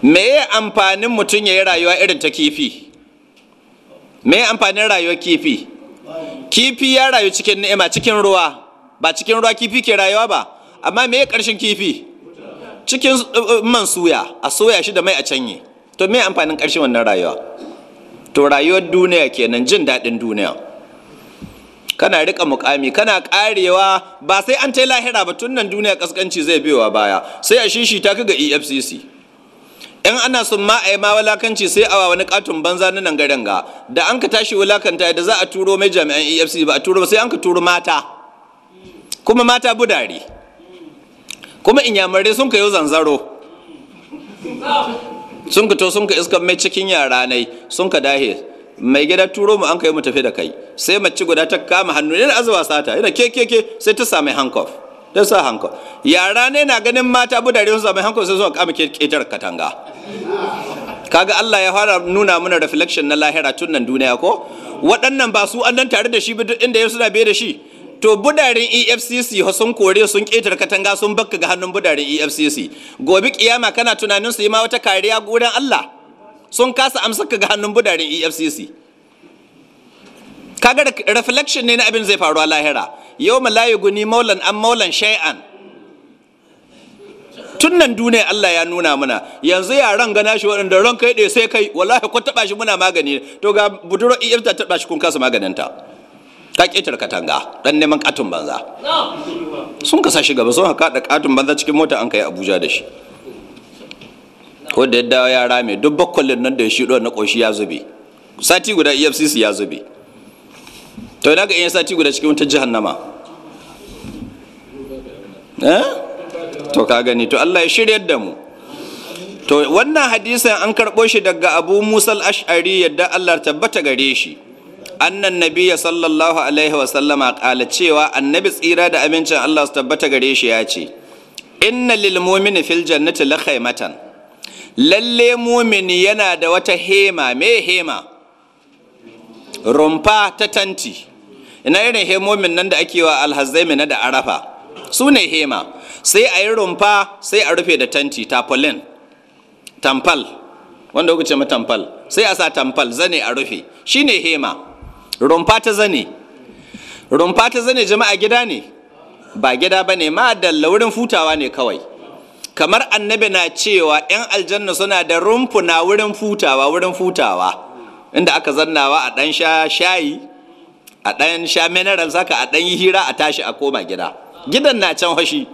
me ya amfanin mutum ya yi rayuwa irin ta kifi me ya amfanin rayuwar kifi kifi ya rayu cikin ni'ima cikin ruwa ba cikin ruwa kifi ke rayuwa ba amma me ya ƙarshen kifi cikin uh, uh, man suya a soya shi da mai a canye to me amfanin ƙarshe wannan rayuwa to rayuwar duniya kenan jin daɗin duniya kana rika mukami kana karewa ba sai an ta lahira ba tun nan duniya kaskanci zai biyowa baya sai a shishi ta ga efcc in ana sun ma a yi mawalakanci, sai a wani katon banza na nan garin ga da an ka tashi wulakanta da za a turo mai jami'an efcc ba a turo ba sai an ka turo mata kuma mata budare kuma inyamurai sun ka yi zanzaro sun ka to sun ka iska mai cikin yara nai sun ka dahe mai gida turo mu an kai mu tafi da kai sai mace guda ta kama hannu yana azuwa sata yana kekeke sai ta sami hankof ta sa hankof yara ne na ganin mata budare sun sami hankof sai zuwa kama ketar katanga kaga Allah ya fara nuna mana reflection na lahira tun nan duniya ko waɗannan ba su an nan tare da shi duk inda yau suna biye da shi to budarin efcc sun kore sun ƙetare katanga sun bakka ga hannun budarin efcc gobe kiyama kana tunanin su yi ma wata kariya gurin allah sun kasa amsaka ga hannun budarin efcc kaga reflection ne na abin zai faru a lahira yau malayi guni maulan an maulan shay'an tun nan duniya Allah ya nuna muna yanzu yaran gana shi waɗanda ran kai ɗaya sai kai wallahi ko taɓa shi muna magani to ga budurwar EFCC ta taɓa shi kun kasa maganinta ka ƙetare katanga dan neman katon banza sun kasa shi gaba sun haka da katon banza cikin mota an kai abuja da shi ko da yadda ya rame duk bakwalin nan da ya shi na ƙoshi ya zube sati guda efcc ya zube to ina ga iya sati guda cikin wata jihan nama? Eh? to ka gani to Allah ya shiryar da mu to wannan hadisin an karɓo shi daga abu musal ash'ari yadda Allah tabbata gare shi annan nabiya sallallahu alaihi wasallama kala cewa annabi tsira da abincin Allah su tabbata gare shi ya ce inna lil mu'mini fil jannati la khaymatan lalle mumini yana da wata hema me hema rumfa ta tanti ina irin hemomin nan da ake wa alhazaimi na da arafa su ne hema sai a yi rumfa sai a rufe da tanti tapolin tamfal wanda kuka ce sai a sa tamfal zane a rufe shine hema rumfa ta zane rumfa ta zane jama'a gida ne ba gida ba ne ma'adalla wurin futawa ne kawai kamar annabi na cewa 'yan aljanna suna da rumfuna wurin futawa wurin futawa inda aka zannawa a ɗan sha shayi a ɗan sha mineral saka a ɗan yi hira a tashi a koma gida gidan na can hashi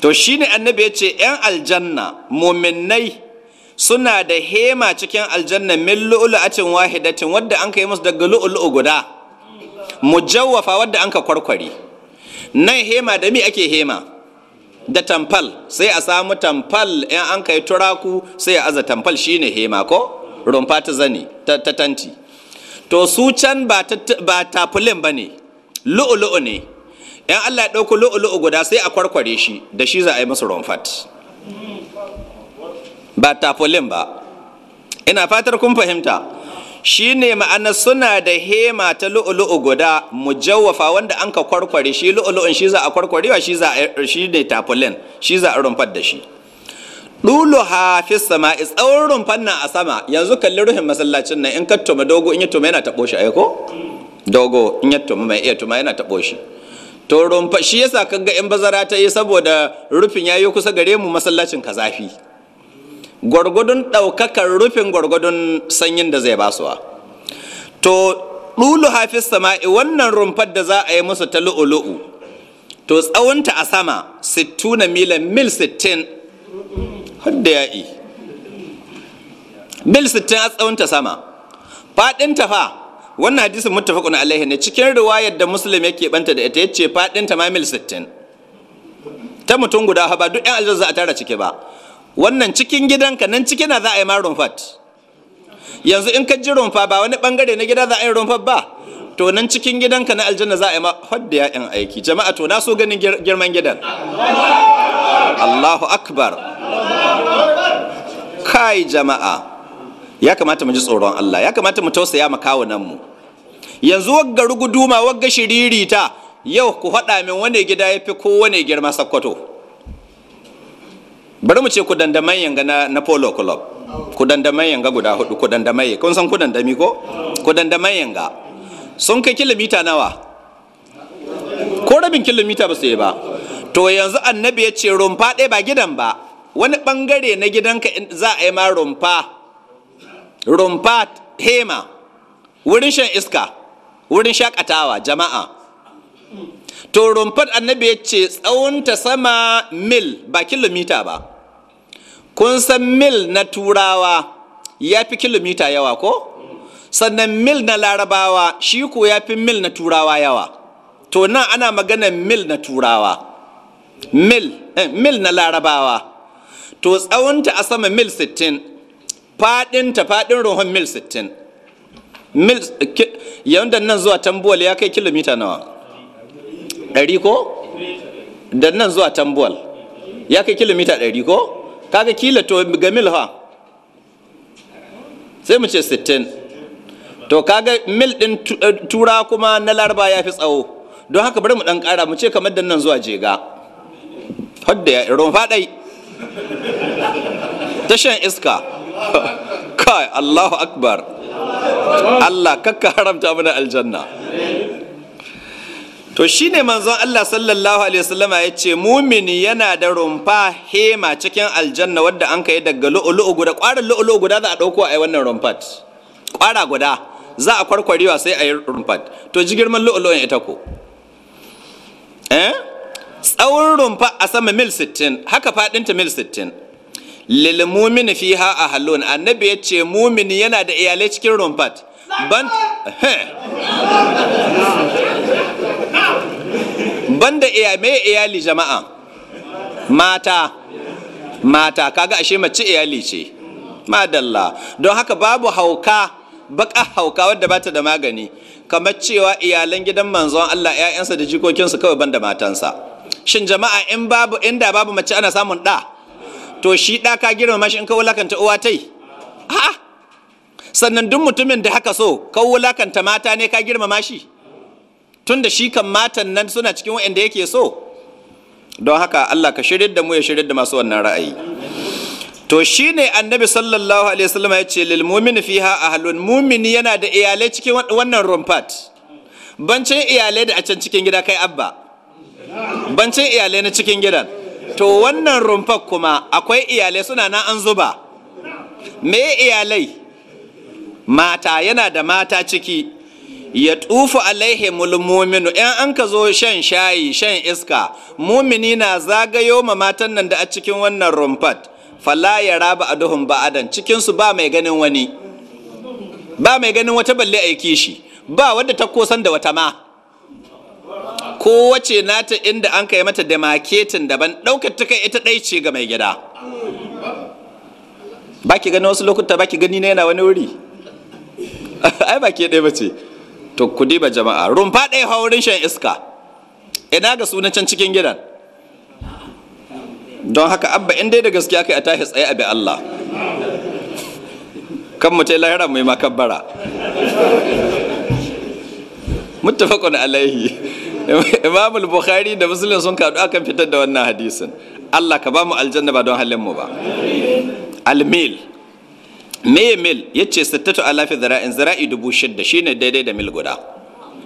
to shi shine annabi ya ce 'yan aljanna mominai suna da hema cikin aljanna min lu'lu'atin wahidatin wadda an kai musu daga lu'lu'u guda mujawwafa wadda an ka kwarkware nan hema da mi ake hema da tamfal sai a samu tamfal in an kai turaku sai a aza tamfal shine hema ko rumfa ta zane ta tanti to su can ba tafulin ba ne lu'ulu'u ne yan allah ya ɗauko luu guda sai a kwarkware shi da shi za a yi musu rumfat ba tafolin ba ina fatar kun fahimta shi ne ma'ana suna da hema ta lu'ulu'u guda mujawwafa wanda an ka kwarkware shi lu'ulu'un shi za a kwarkwarewa shi za shi ne tafolin shi za a rumfar da shi ha fi sama tsawon rumfar nan a sama yanzu kalli ruhin masallacin nan in ka tuma dogo in ya tuma yana taɓo shi aiko? Dogo in ya tuma mai iya tuma yana taɓo shi. To rumfa shi yasa kaga in bazara ta yi saboda rufin ya yi kusa gare mu masallacin ka zafi. gwargwadon ɗaukakar rufin gwargwadon sanyin da zai basuwa to ɗulu hafis sama'i wannan rumfar da za a yi musu ta lu'ulu'u to tsawonta a sama 60 milan mil 60 hadda yi mil 60 a tsawonta sama faɗinta fa wannan hadisin muttafaqun alaihi ne cikin riwayar da musulun yake banta da ita yace faɗinta ma mil 60 ta mutum guda ha ba duk yan aljanna za a tara ciki ba wannan cikin gidanka nan ciki na za a yi ma rumfat yanzu in ka ji rumfa ba wani bangare na gida za a yi rumfat ba to nan cikin gidanka na aljanna za a yi ma hadda ya'yan aiki jama'a to na so ganin girman gidan Allahu akbar kai jama'a ya kamata mu ji tsoron Allah ya kamata mu tausaya ma kawunan mu yanzu wagga ruguduma wagga shiririta yau ku faɗa min wane gida ya fi kowane girma sakkwato bari mu ce ku dandamai yanga na, na polo club ku dandamai yanga guda hudu ku dandamai kun san ku dandami ko ku dandamai yanga sun kai kilomita nawa ko rabin kilomita ba su yi ba to yanzu annabi ya ce rumfa ɗaya ba gidan ba wani bangare na gidanka za a yi ma rumfa rumfa hema wurin shan iska wurin shakatawa jama'a to rumfa annabi ya ce tsawonta sama mil ba kilomita ba kun san mil na turawa ya fi kilomita yawa ko sannan mil na larabawa shi ko ya fi mil na turawa yawa to nan ana magana mil na turawa mil eh, mil na larabawa to tsawonta a sama mil 60 fadinta fadin ruhun mil 60 mil da nan zuwa tambuwal ya kai kilomita nawa ɗari ko da nan zuwa tambuwal ya kai kilomita ɗari ko kaga kila to ga ha sai mu ce 60 to kaga mil din eh, tura kuma na laraba ya fi tsawo don haka bari mu dan kara mu ce kamar da nan zuwa jega hadda ya iron fadai (laughs) tashan iska (laughs) kai allahu akbar allah kakka haramta mana aljanna to shine manzon Allah sallallahu alaihi wasallama ya ce mumini yana da rumfa hema cikin aljanna wadda an kai daga lu'ulu'u guda ƙwarin lu'ulu'u guda za a ɗauko a yi wannan rumfat ƙwara guda za a kwarkwariwa sai a yi rumfat to ji girman lu'ulu'un ita ko eh tsawon rumfa a sama mil 60 haka faɗinta mil 60 lil mumini fiha ahlun annabi yace mumini yana da iyalai cikin rumfat ban (laughs) eh. banda iya me iyali jama'a mata mata kaga ashe mace iyali ce madalla don haka babu hauka baka hauka wadda bata da magani kamar cewa iyalan gidan manzon Allah ƴaƴansa da jikokinsu kawai banda matansa shin jama'a in babu inda babu mace ana samun ɗa to shi ɗa ka girmama shi in ka wulakanta uwa tai ha sannan duk mutumin da haka so ka wulakanta mata ne ka girmama shi tun da shi kan matan nan suna cikin wa'anda yake so don haka Allah ka shirin da mu ya shirin da masu wannan ra'ayi to shi ne annabi sallallahu alaihi wasallam ya ce lil mu'min a ahlun mu'mini yana da iyalai cikin wannan rumfat bancin iyalai da a can cikin gida kai abba bancin iyalai na cikin gidan to wannan rumfat kuma akwai iyalai suna na an zuba me iyalai mata yana da mata ciki ya tufu alaihi mulmuminu in an ka zo shan shayi shan iska mumini na zagayo ma matan nan da a cikin wannan rumfat fala ya raba aduhum ba'adan cikin su ba mai ganin wani ba mai ganin wata balle aiki shi. ba wadda ta kosan da wata ma Ko wace nata inda an kai mata maketin daban ɗaukar ta kai ita ɗai ce ga mai gida ba ki gani wasu lokuta ba ki gani na yana wani wuri (laughs) ai ba ke ɗaya ba ce to ku diba jama'a rumfa ɗaya haurin shan iska ina ga sunan can cikin gidan don haka abba in dai da gaskiya kai a tashi tsaye a bi Allah kan mu tai lahira mai makabbara muttafaqun alaihi imam bukhari da muslim sun kadu akan fitar da wannan hadisin Allah ka ba mu aljanna ba don halin mu ba al meye mil ya ce sittatu lafi zara'in zira'i dubu shidda ne daidai da mil guda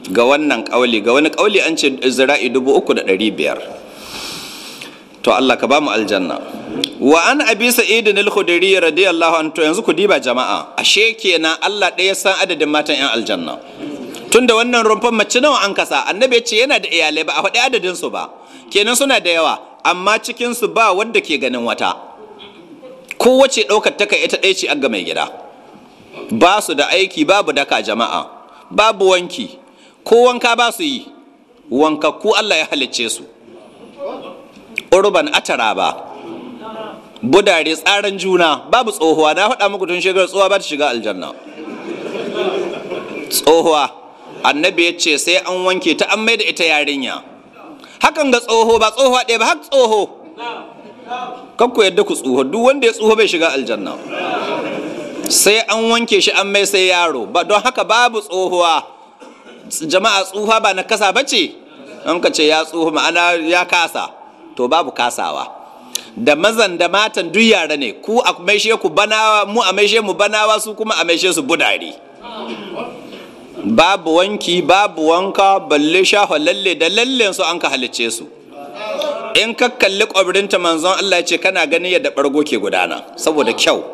ga wannan kauli ga wani kauli an ce zira'i dubu uku da ɗari biyar to Allah ka bamu aljanna wa an abi sa'idin al-khudri radiyallahu anhu yanzu ku diba jama'a ashe kenan Allah ɗaya san adadin matan yan aljanna tunda wannan rumfan mace nawa an kasa annabi ya ce yana da iyalai ba a faɗi adadin su ba kenan suna da yawa amma cikin su ba wanda ke ganin wata kowace ɗaukar ta kai ita ɗaya ce an ga mai gida ba su da aiki babu daka jama'a babu wanki ko wanka ba su yi wanka ku Allah ya halicce su urban atara ba budare tsaran juna babu tsohuwa na faɗa muku tun shigar tsohuwa ba ta shiga aljanna tsohuwa annabi ya ce sai an wanke ta an da ita yarinya hakan ga tsoho ba tsohuwa ɗaya ba har tsoho kakku yadda ku tsuho duk wanda ya tsuho bai shiga aljanna sai an wanke shi an mai sai yaro ba don haka babu tsohuwa jama'a tsufa ba na kasa bace? ce an ka ce ya tsuhu ma'ana ya kasa to babu kasawa da mazan da matan duk yara ne ku a maishe ku banawa mu a maishe mu banawa su kuma a maishe su budari babu wanki babu wanka balle shaho lalle da lallen su an ka halicce su in ka kalli kwabirinta manzon Allah ce kana gani yadda bargo ke gudana saboda kyau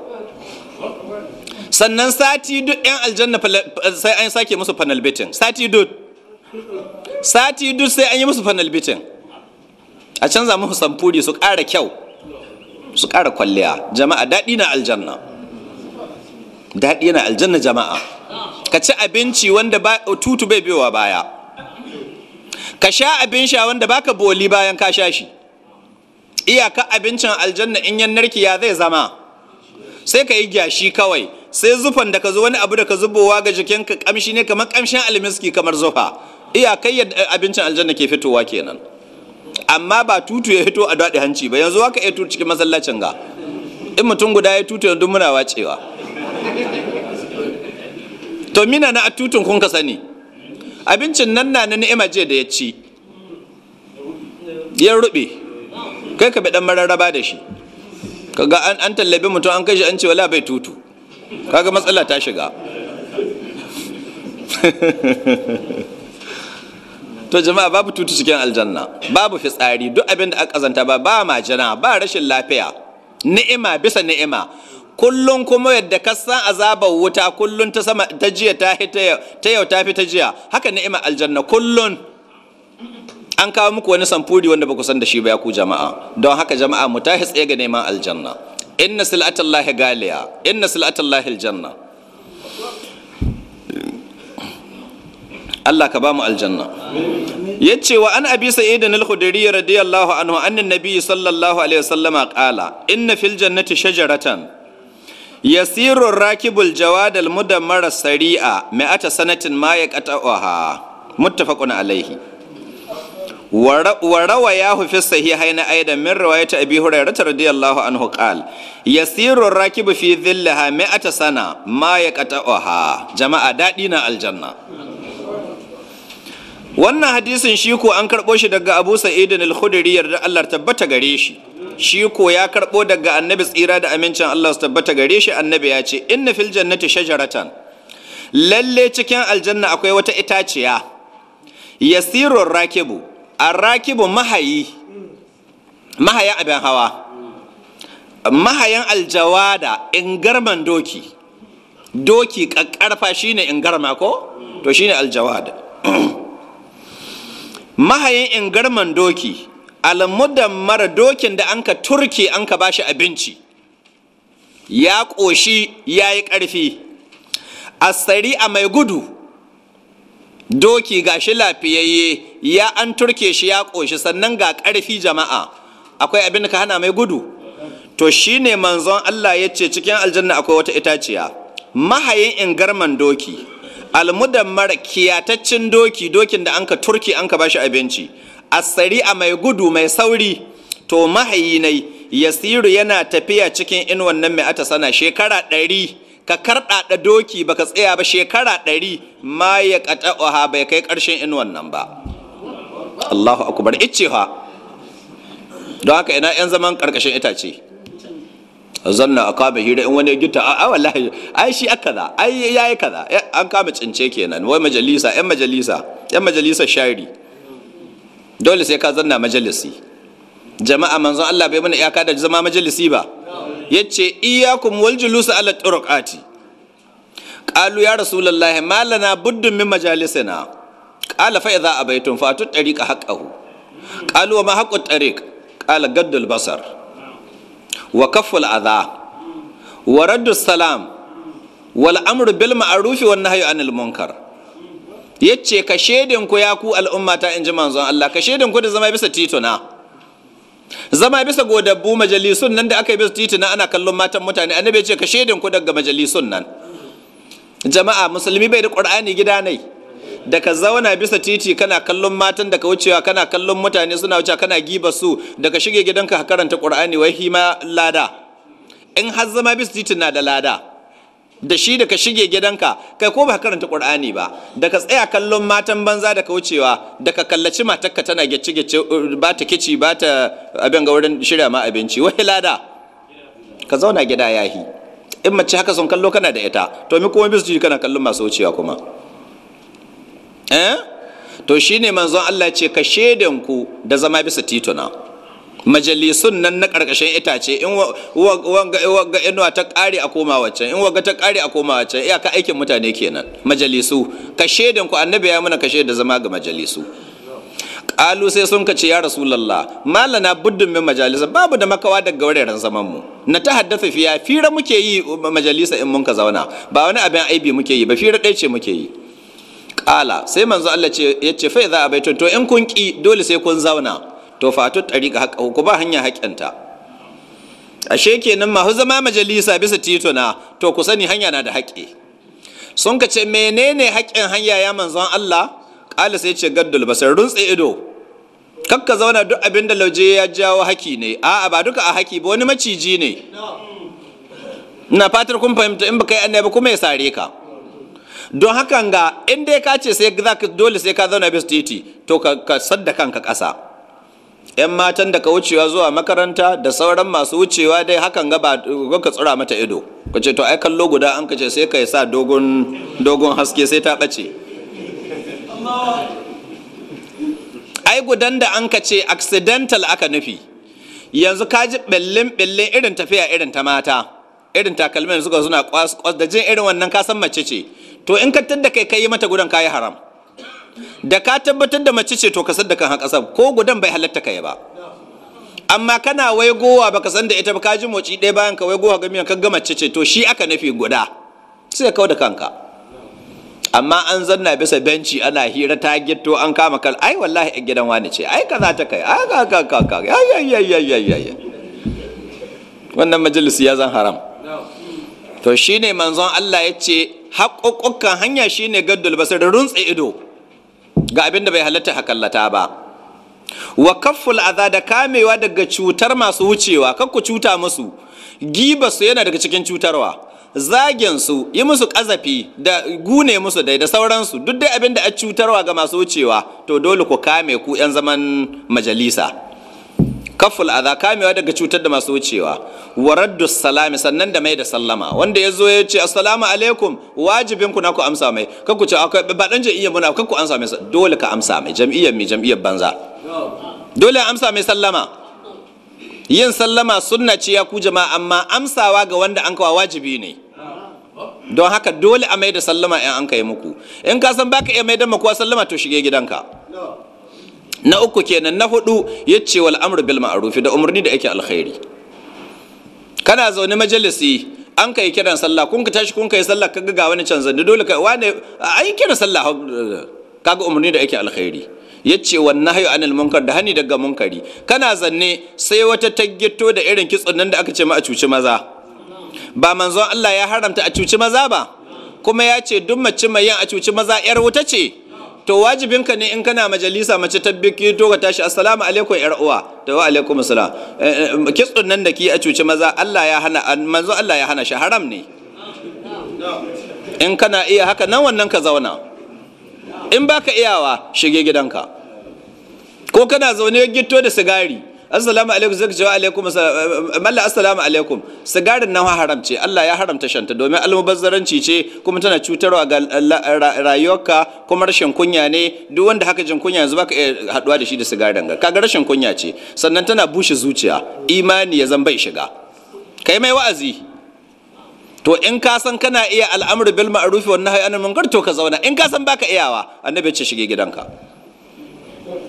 sannan sati duk yan aljanna sai an sake musu panel beating sati duk sati duk sai an yi musu panel beating a canza musu samfuri su ƙara kyau su ƙara kwalliya jama'a daɗi na aljanna daɗi na aljanna jama'a ka ci abinci wanda tutu bai biyowa baya ka sha abin sha wanda baka boli bayan ka sha shi iyaka abincin aljanna in yan narkiya zai zama sai ka yi gyashi kawai sai zufan da ka zo wani abu da ka zubowa ga jikin ka kamshi ne kamar kamshin almiski kamar zufa iyakai eh, abincin aljanna ke fitowa kenan amma ba tutu ya fito a daɗi hanci ba yanzu waka iya tutu cikin masallacin ga in mutum guda ya tutu yanzu muna wacewa to mina na a tutun kun ka sani abincin nan na na ni'ima jiya da ya ci ya rube kai ka bi dan mararraba da shi kaga an an tallabi mutum an kai shi an ce wala bai tutu kaga matsala ta shiga (laughs) to jama'a babu tutu cikin aljanna babu fitsari duk abin da aka kazanta ba ba majana ba rashin lafiya ni'ima bisa ni'ima kullum kuma yadda ka san azabar wuta kullum ta sama ta jiya ta ta yau ta fi ta jiya haka ni'imar aljanna kullum an kawo muku wani samfuri wanda ba ku san da shi ba ya ku jama'a don haka jama'a mu ta tsaye ga neman aljanna inna silatullahi galiya inna silatullahi aljanna Allah ka ba mu aljanna yace wa an abi sa'idin al-khudri radiyallahu anhu annan nabiy sallallahu alaihi wasallama qala inna fil jannati shajaratan yasirun rakibul jawadal mudammara sari'a ata sanatin ma ya qata'aha muttafaqun alaihi wa rawayahu fi haina aida, min riwayati abi hurairah radiyallahu anhu qala yasirun rakibu fi mai ata sana ma ya jama'a daɗi na aljanna wannan hadisin shi ko an karɓo shi daga Abu Sa'id al-Khudri yarda Allah tabbata gare shi shi ko ya karbo daga annabi tsira da amincin Allah su tabbata gare shi annabi ya ce inna fil jannati shajaratan lalle cikin aljanna akwai wata itaciya yasiru rakibu arrakibu mahayi mahayan abin hawa mahayan aljawada garman doki doki kakkarfa shine garma ko to shine aljawada (clears throat) mahayin ingarman doki almudan mara dokin da anka turke anka bashi abinci ya ƙoshi ya yi ƙarfi asari a mai gudu doki ga shi lafiyayye ya an turke shi ya ƙoshi sannan ga ƙarfi jama'a akwai abin da ka hana mai gudu to shi ne manzon Allah ya ce cikin aljanna akwai wata itaciya mahayin ingarman doki almudan mara kiyataccen doki dokin da anka turke anka bashi abinci asari a mai gudu mai sauri to mahayinai yasiru yana tafiya cikin in wannan mai ata sana shekara ɗari ka karɗaɗa doki baka tsaya ba shekara ɗari ma ya ƙata'uha bai kai ƙarshen in wannan ba Allahu akubar icewa don haka ina 'yan zaman ƙarƙashin itace zanna a kama hira in wani gita a wallahi ai shi aka za ai yayi kaza an kama cince kenan wai majalisa 'yan majalisa 'yan majalisa shari dole sai ka zanna majalisi jama'a manzon Allah bai mana iyaka da zama majalisi ba yace iyyakum wal julus ala turqati qalu ya rasulullahi ma lana buddun min majalisina qala fa idza abaytum fatu tariqa haqqahu qalu wa ma haqqu tariq qala gaddul basar wa kafful adha wa raddu salam wal amru bil ma'ruf wan nahyu anil munkar yace ka shedin ku ya ku al'ummata in ji manzon Allah ka shedin ku da zama bisa tituna zama bisa godabbu majalisun nan da aka yi bisa tituna ana kallon matan mutane annabi ce ka shedin ku daga majalisun nan jama'a musulmi bai da qur'ani gida ne. da ka zauna bisa titi kana kallon matan da ka wucewa kana kallon mutane suna wucewa kana giba su da ka shige gidanka ka karanta qur'ani wai hima lada in har zama bisa titi na da lada da shi da ka shige gidanka kai ko ba karanta qur'ani ba da ka tsaya kallon matan banza da ka wucewa da ka kallaci matarka tana gece gece ba ta kici ba ta abin ga wurin shirya ma abinci wai lada ka zauna gida yahi in mace haka sun kallo kana da ita to mi kuma bisu kana kallon masu wucewa kuma eh to shine manzon Allah ce ka shedan ku da zama bisa tituna majalisun nan na ƙarƙashin itace in wagga inuwa ta ƙare a koma waccan in wagga ta ƙare a koma waccan iyaka aikin mutane kenan majalisu ka shaidan ku annabi ya muna ka da zama ga majalisu qalu sai sun kace ya rasulullah malana buddun min majalisa babu da makawa daga wuraren zaman mu na ta haddasa fiya fira muke yi um, majalisa in mun ka zauna ba wani abin aibi muke yi ba fira ɗaya ce muke yi ƙala sai manzo Allah ce ya ce fa idza abaitun to in kun ki dole sai kun zauna to fatu tariqa haqqahu ku ba hanya haƙƙinta ashe kenan ma zama majalisa bisa tituna to ku sani hanya na da haƙƙi sun ka ce menene haƙƙin hanya ya manzon Allah ƙala sai ce gaddul basar runtse ido kakka zauna duk abin da lauje ya jawo haƙi ne a ba duka a haƙi ba wani maciji ne na fatar kun fahimta in baka kai annabi kuma ya sare ka don hakan ga in dai ka ce sai za ka dole sai ka zauna bis titi to ka sadda kanka ƙasa 'yan matan da ka wucewa zuwa makaranta da sauran masu wucewa dai hakan gaba ka tsura mata ido ka ce to ai kallo guda an kace sai ka sa dogon haske sai ta ɓace ai gudan da an kace accidental aka nufi yanzu ka ji bellin bellin irin tafiya irin ta mata irin takalmin suka suna kwas kwas da jin irin wannan kasan mace ce to in ka da kai kai mata gudan kayi haram da ka tabbatar da mace ce to ka san da kan ƙasar ko gudan bai halatta kai ba amma kana wai gowa baka san da ita ba ka ji motsi ɗaya bayan ka wai gowa ga miyan kan ga mace ce to shi aka nafi guda sai ka da kanka amma an zanna bisa benci ana hira ta gitto an kama kal ai wallahi a gidan wani ce ai za ta kai ai ka ka ka ka ai ai ai ai ai wannan majalisi ya zan haram to shine manzon Allah ya ce haƙoƙokan hanya shine gaddul basir runtse ido ga abin da bai halatta hakallata ba wa kafful aza da kamewa daga cutar masu wucewa kan ku cuta musu giba su yana daga cikin cutarwa zagin su yi musu kazafi da gune musu dai da sauransu duk dai abin da a cutarwa ga masu wucewa to dole ku kame ku 'yan zaman majalisa kaful a kamewa daga cutar da masu wucewa wa raddu salami sannan da mai da sallama wanda ya zo ya ce assalamu alaikum wajibin ku na ku amsa mai ku ce akwai ba dan jam'iyyar muna ku amsa mai dole ka amsa mai jam'iyyar mi jam'iyyar banza dole amsa mai sallama yin sallama sunna ce ya ku jama'a amma amsawa ga wanda an kawa wajibi ne don haka dole a mai da sallama in an kai muku in ka san baka iya mai da makuwa sallama to shige gidanka na uku kenan na hudu ya ce wal amru bil ma'ruf da umarni da ake alkhairi kana zaune majalisi an kai kiran sallah kun ka tashi kun kai sallah kaga ga wani canza, da dole kai wane ai kira sallah kaga umarni da ake alkhairi Ya yace na hayo anil munkar da hani daga munkari kana zanne sai wata ta taggito da irin kitson nan da aka ce ma a cuci maza ba manzon Allah ya haramta a cuci maza ba kuma ya ce duk mace mai yin a cuci maza yar wuta ce to wajibinka ne in kana majalisa mace ta biki to ka tashi assalamu alaikum yar uwa to wa alaikum assalam eh, eh, um, kitsun nan da ki a cuci maza Allah ya hana manzo Allah ya hana shi haram ne in kana iya haka nan wannan ka zauna in baka iyawa shige gidanka ko kana zaune gitto da sigari assalamu alaikum zaka jawa alaikum malla assalamu alaikum sigarin nan haram ce Allah ya haramta shanta domin almubazzaranci ce kuma tana cutarwa ga rayuwarka kuma rashin kunya ne duk wanda haka jin kunya yanzu baka iya haduwa da shi da sigarin ga kaga rashin kunya ce sannan tana bushe zuciya imani ya zan bai shiga kai mai wa'azi to in ka san kana iya al'amru bil ma'ruf wa nahyi anil munkar to ka zauna in ka san baka iyawa annabi ya ce shige gidanka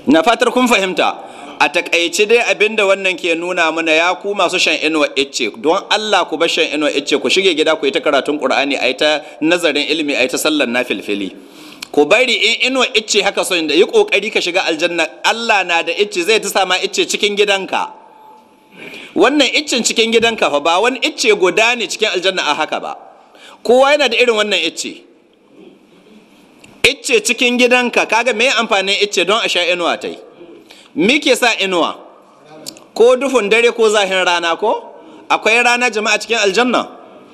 na fatar kun fahimta a takaici dai abinda wannan ke nuna mana ya ku masu shan inuwa icce don Allah ku bar shan inuwa icce ku shige gida ku yi ta karatun Qur'ani a yi ta nazarin ilimi a yi ta sallar nafilfili ku bari in inuwa icce haka son da yi kokari ka shiga aljanna Allah na da icce zai ta sama icce cikin gidanka wannan icin cikin gidanka fa ba wani icce guda ne cikin aljanna a haka ba kowa yana da irin wannan ice icce cikin gidanka kaga me amfanin icce don a sha inuwa ta yi Mike sa inuwa ko duhun dare ko zahin rana ko akwai rana jama'a cikin aljanna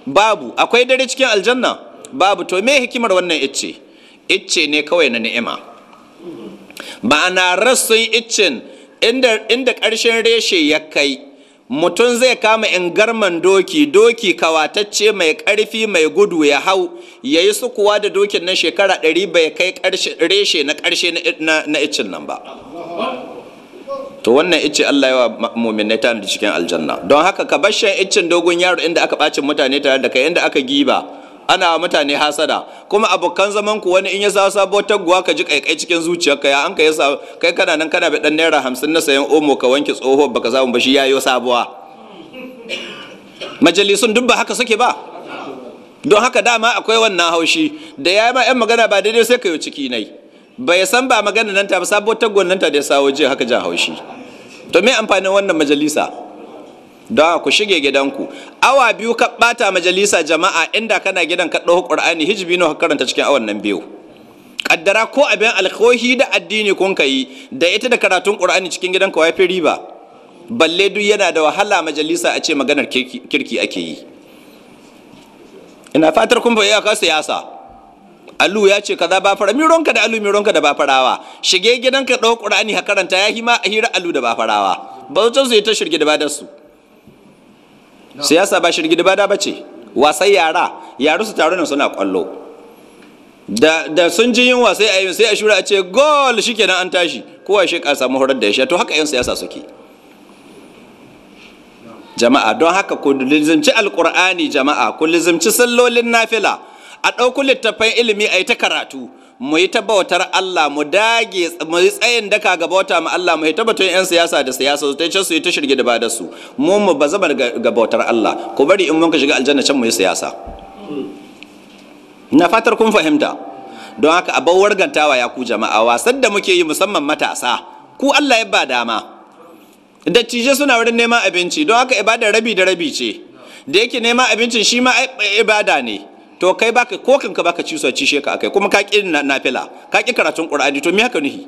babu akwai dare cikin aljanna babu to me hikimar wannan icce icce ne kawai na ni'ima ma'ana rassun iccen inda inda ƙarshen reshe ya kai mutum zai kama in garman doki doki kawatacce mai ƙarfi mai gudu ya hau ya yi sukuwa da dokin na shekara ɗari bai kai reshe na ƙarshe na iccen nan ba to wannan ice Allah yawa mu'minai ta da cikin aljanna don haka ka bar shan icin dogon yaro inda aka bacin mutane tare da kai inda aka giba ana mutane hasada kuma abokan zaman ku wani in ya sa sabo taguwa ka ji kaikai cikin zuciyarka ya an ka yasa kai kana nan kana bi dan naira hamsin na sayan omo ka wanke tsoho baka samu ba shi yayo sabuwa majalisun duk ba haka suke ba don haka dama akwai wannan haushi da ya ma 'yan magana ba daidai sai ka yi ciki nai bai san ba magana nan ta ba sabuwar tagwon nan ta da ya sawo jiya haka jan haushi to me amfanin wannan majalisa da ku shige gidanku awa biyu ka bata majalisa jama'a inda kana gidan ka ɗau ƙur'ani hijibi ka karanta cikin awan nan biyu kaddara ko abin alkhohi da addini kun yi da ita da karatun ƙur'ani cikin gidan ka wafi riba balle duk yana da wahala majalisa a ce maganar kirki ake yi ina fatar kun bai iyaka siyasa Alu ya ce kaza ba fara ronka da mi ronka da ba farawa shige gidanka dau Qur'ani ha karanta ya hima ahira hira da ba farawa bautan su ta shirgi da badar su siyasa ba shirgi da bada bace wasan yara yaro su taro nan suna kwallo da sun ji yin wasai a sai a shura a ce gol shikenan an tashi kowa shi ka samu horar da ya to haka yan siyasa suke jama'a don haka ku lizimci alqur'ani jama'a ku lizimci sallolin nafila a ɗauku littattafan ilimi a yi ta karatu mu yi ta bautar Allah mu dage mu yi tsayin daka ga bauta mu Allah mu yi ta batun yan siyasa da siyasa su tace su yi ta shirge da bada su mu mu ba zama ga bautar Allah ku bari in mun shiga aljanna can mu yi siyasa na fatar kun fahimta don haka abau wargantawa ya ku jama'a wasan da muke yi musamman matasa ku Allah ya ba dama dattijai suna wurin neman abinci don haka ibada rabi da rabi ce da yake neman abincin shi ma ibada ne to kai baka ko kanka baka ci so ci sheka akai kuma ka ki nafila ka ki karatun qur'ani to me haka nuhi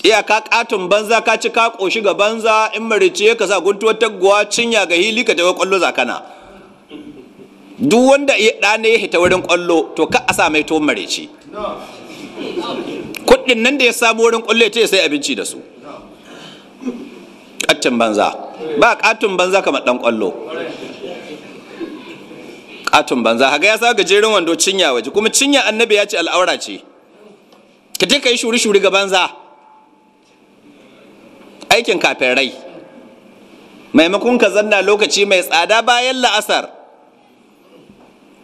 iya ka katun banza ka ci ka koshi ga banza in marice ka sa guntuwar taguwa cinya ga hili ka tawa kwallo zakana duk wanda ya dane ya hita wurin kwallo to ka a sa mai to marice kuɗin nan da ya samu wurin kwallo ya ce sai abinci da su katun banza ba katun banza kamar dan kwallo katon banza haga ya sa gajeren wando cinya waje kuma cinya annabi ya ce al'aura ce ka je ka yi shuri-shuri ga banza aikin kafin rai maimakon ka zanna lokaci mai tsada bayan la'asar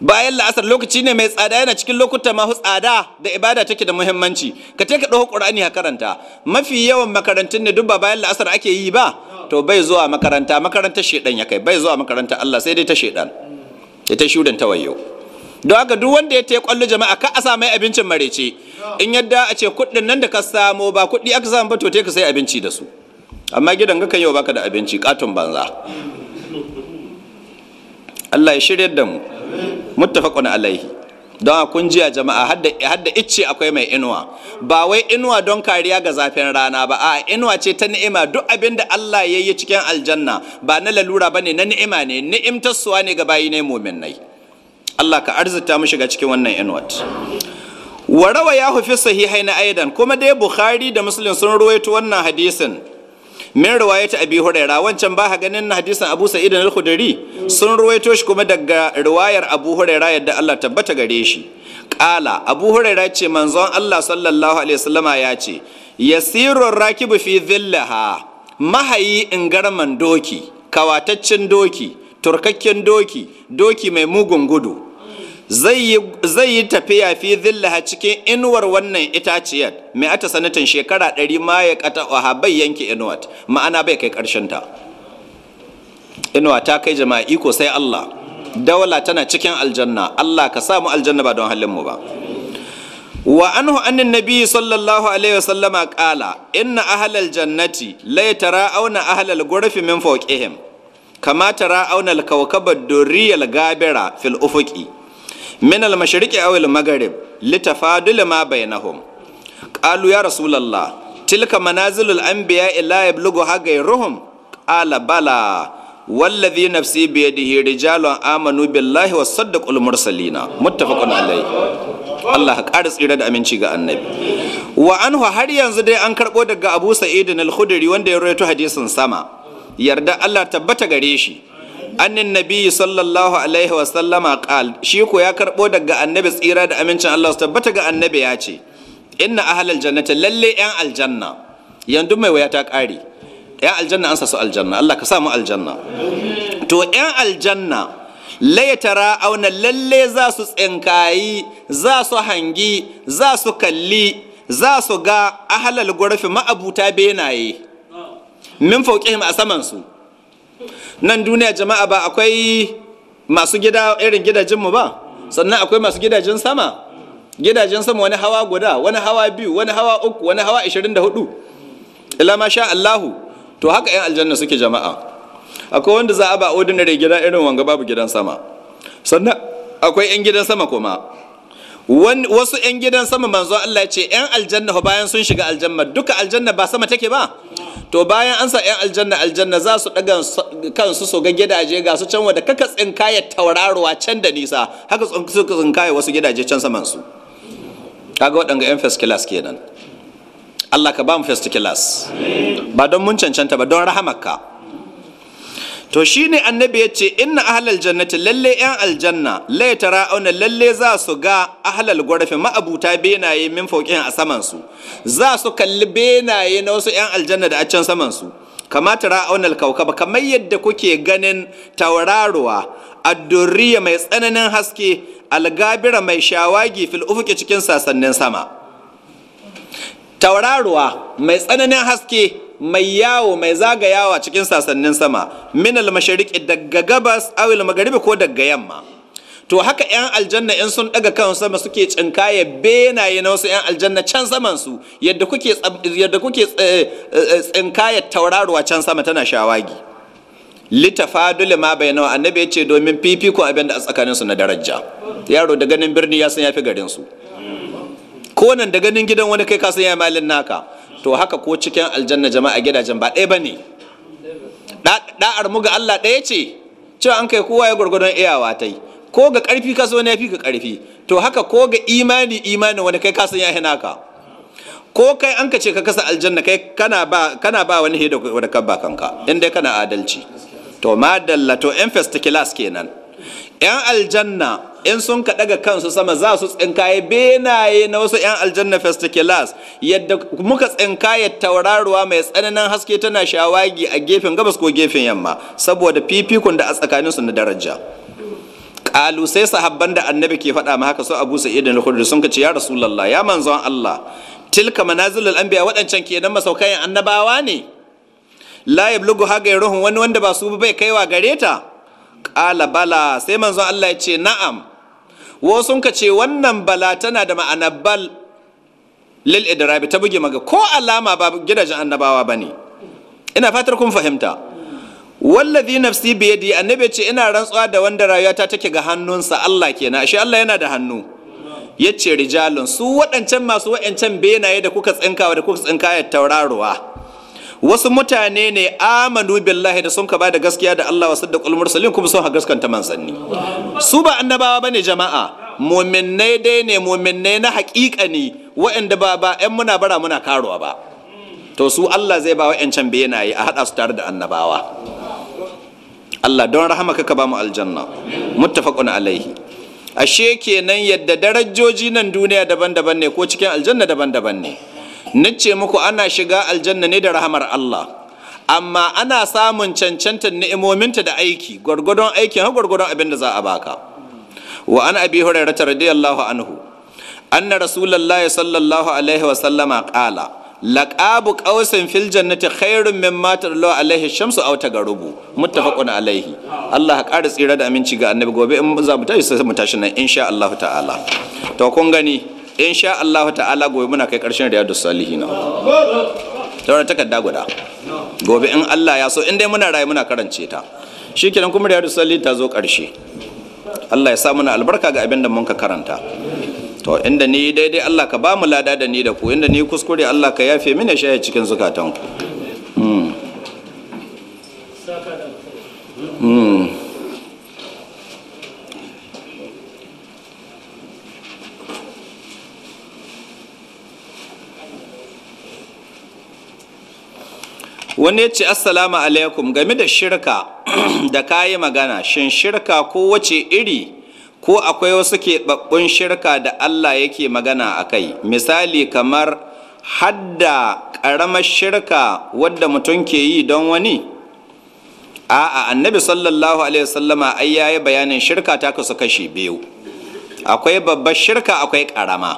bayan la'asar lokaci ne mai tsada yana cikin lokuta mahu tsada da ibada take da muhimmanci ka ce ka ɗauko ƙur'ani a karanta mafi yawan makarantun ne duk ba bayan la'asar ake yi ba to bai zuwa makaranta makarantar shedan ya kai bai zuwa makarantar Allah sai dai ta shedan ita shudan ta wayo don haka duk wanda ya ta kwallo jama'a ka a sa mai abincin marece in yadda a ce kuɗin nan da ka samo ba kuɗi aka samu ba to ka sai abinci da su amma gidan ka yau baka da abinci katon banza Allah ya shirya da mu muttafaqun alaihi don kun jiya jama'a hadda icce akwai mai inuwa ba wai inuwa don kariya ga zafin rana ba a inuwa ce ta ni'ima duk abin da Allah ya yi cikin aljanna ba na lalura ba ne na ni'ima ne ni'imtarsuwa ne ga bayi ne mumin nai. Allah ka arzita mu shiga cikin wannan inuwat wa rawa ya hufi sahihai na aidan kuma dai bukhari da muslim sun ruwaito wannan hadisin min ta abi huraira wancan ba ha ganin hadisin abu sa'id al-khudri sun ruwaito shi kuma daga ruwayar abu huraira yadda Allah tabbata gare shi Ƙala abu huraira ce manzon Allah sallallahu alaihi wasallama ya ce yasirur rakibu fi dhillaha mahayi in garman doki kawataccen doki turkakken doki doki mai mugun gudu zai yi tafiya fi zillaha cikin inuwar wannan itaciyar mai ata sanatin shekara ɗari ma ya kata oha bai yanke inuwat ma'ana bai kai ta. inuwa ta kai jama'a iko sai Allah dawala tana cikin aljanna Allah ka samu aljanna ba don halin mu ba wa anhu annin nabi sallallahu alaihi wasallama kala inna ahalal jannati la yatara'una ahalal gurfi min fawqihim kama tara'una al-kawkaba gabira fil ufuqi min al-mashriqi aw al-maghrib litafadul ma bainahum qalu ya rasulullah tilka manazilul anbiya la yablughu ghayruhum qala bala wallazi nafsi bi yadihi rijalun amanu billahi wasaddaqul mursalina muttafaqun alayhi Allah ƙara tsira da aminci ga annabi wa anhu har yanzu dai an karɓo daga Abu Sa'id al-Khudri wanda ya rawaito hadisin sama yarda Allah tabbata gare shi annin nabiyyi sallallahu alaihi wasallama qal shi ko ya karbo daga annabi tsira da amincin Allah su tabbata ga annabi ya ce inna ahlal jannati lalle yan aljanna yanzu mai waya ta kare yan aljanna an su aljanna Allah ka sa mu aljanna to yan aljanna laytara auna lalle za su tsinkayi za su hangi za su kalli za su ga ahlal gurfi ma'abuta benaye min fauqihim a saman su nan duniya jama'a ba akwai masu gida irin gidajenmu ba sannan akwai masu gidajen sama gidajen sama wani hawa guda wani hawa biyu wani hawa uku wani hawa 24 ila ma sha Allahu to haka 'yan aljanna suke jama'a akwai wanda za a ba ordinary gida irin wanga babu gidan sama sannan akwai 'yan gidan sama kuma wasu 'yan gidan sama manzo Allah ce 'yan aljanna bayan sun shiga aljanna duka aljanna ba sama take ba to bayan an sa yan aljanna aljanna za su daga kansu su ga gidaje ga su can wanda kaka tsinkaya tauraruwa can da nisa haka suka tsinkaya wasu gidaje can saman su kaga waɗanga yan first class kenan Allah ka ba mu first class ba don mun cancanta ba don rahamarka to shine annabi ya ce inna ahlal jannati lalle yan aljanna la tara'una lalle za su ga ahlal gwarfi ma'abuta benaye min fokin a saman su za su kalli benaye na wasu yan aljanna da a can saman su kama tara'una al kamar yadda kuke ganin tauraruwa addurriya mai tsananin haske algabira mai shawagi fil ufuki cikin sasannin sama tauraruwa mai tsananin haske mai yawo mai zagayawa cikin sasannin sama minal mashariqi daga gabas awil magharibi ko daga yamma to haka yan aljanna in sun daga kan sama suke cinkaye benaye na wasu yan aljanna can saman su yadda kuke yadda kuke eh, eh, eh, tsinkaye tauraruwa can sama tana shawagi litafadul ma bainahu annabi ya ce domin fifiko abin da a tsakanin su na daraja yaro da ganin birni ya san yafi garin su ko nan da ganin gidan wani kai ka san ya malin naka to haka ko cikin aljanna jama'a gidajen ba ɗaya ba ne ɗa'ar mu ga Allah ɗaya ce cewa an kai kowa ya gwargwadon iyawa ta yi ko ga ƙarfi ka zo ne ya fi ka ƙarfi to haka ko ga imani imani wani kai kasan ya hina ka ko kai an ka ce ka kasa aljanna kai kana ba kana ba wani hida wani kan ba kanka in dai kana adalci to madalla to emphasis class kenan yan aljanna in sun ka daga kansu sama za su tsinkaye benaye na wasu 'yan aljanna festikilas yadda muka tsinkaye tauraruwa mai tsananin haske tana shawagi a gefen gabas ko gefen yamma saboda fifikun da a su na daraja kalu sai sahabban da annabi ke faɗa ma haka su abu sa'id idan hudu sun kace ya rasulullah ya manzon Allah tilka manazilul anbiya waɗancan kenan masaukayan annabawa ne la yablughu ha ruhun wani wanda ba su bai kaiwa gare ta bala sai manzon Allah ya ce na'am wasu ka ce wannan bala tana da ma'ana bal lil idrabi ta buge maga ko alama ba gidajen annabawa ba ne. ina fatar kun fahimta wallazi nafsi bi yadi annabi ce ina rantsuwa da wanda rayuwata take ga hannunsa Allah kenan ashe Allah yana da hannu yace rijalun su waɗancan masu waɗancan benaye da kuka tsinkawa da kuka ya tauraruwa wasu mutane ne amanu billahi da sun ka ba da gaskiya da Allah wa kulmur salim kuma sun ha gaskanta manzanni su ba annabawa ne jama'a mu'minnai dai ne mu'minnai na haƙiƙa ne waɗanda ba ba ƴan muna bara muna karuwa ba to su Allah zai ba wa'ancan benaye a haɗa su tare da annabawa Allah don rahama ka ba mu aljanna muttafaqun alaihi ashe kenan yadda darajoji nan duniya daban-daban ne ko cikin aljanna daban-daban ne nace muku ana shiga aljanna ne da rahamar Allah amma ana samun cancantar ni'imominta da aiki gwargwadon aikin har gwargwadon abin da za a baka wa an abi hurairata radiyallahu anhu anna rasulullahi sallallahu alaihi wa sallama qala laqabu qausin fil jannati khairun mimma tadlu alaihi shamsu aw tagarubu muttafaqun alaihi Allah ƙara tsira da aminci ga annabi gobe in za mu tashi sai mu tashi nan insha Allah ta'ala to kun gani In sha Allah ta'ala gobe muna kai karshen riyadus salihin ta wani guda gobe in Allah ya so in dai muna rayu muna karance ta Shi kenan kuma Riyadu salihin ta zo karshe Allah ya sa muna albarka ga abin da mun ka karanta to inda ni daidai Allah ka ba mu lada da ni da ku inda ni kuskure Allah ka yafe mini shaye cikin zukatanku hmm. Hmm. wani ya ce assalamu alaikum game da shirka (clears throat) da kayi magana shin shirka ko wace iri ko akwai wasu keɓaɓɓun shirka da allah yake magana a kai misali kamar hadda ƙaramar shirka wadda mutum ke yi don wani a'a annabi sallallahu alaihi wasallama ai yayi bayanin shirka ta kasu kashi biyu akwai babbar shirka akwai ƙarama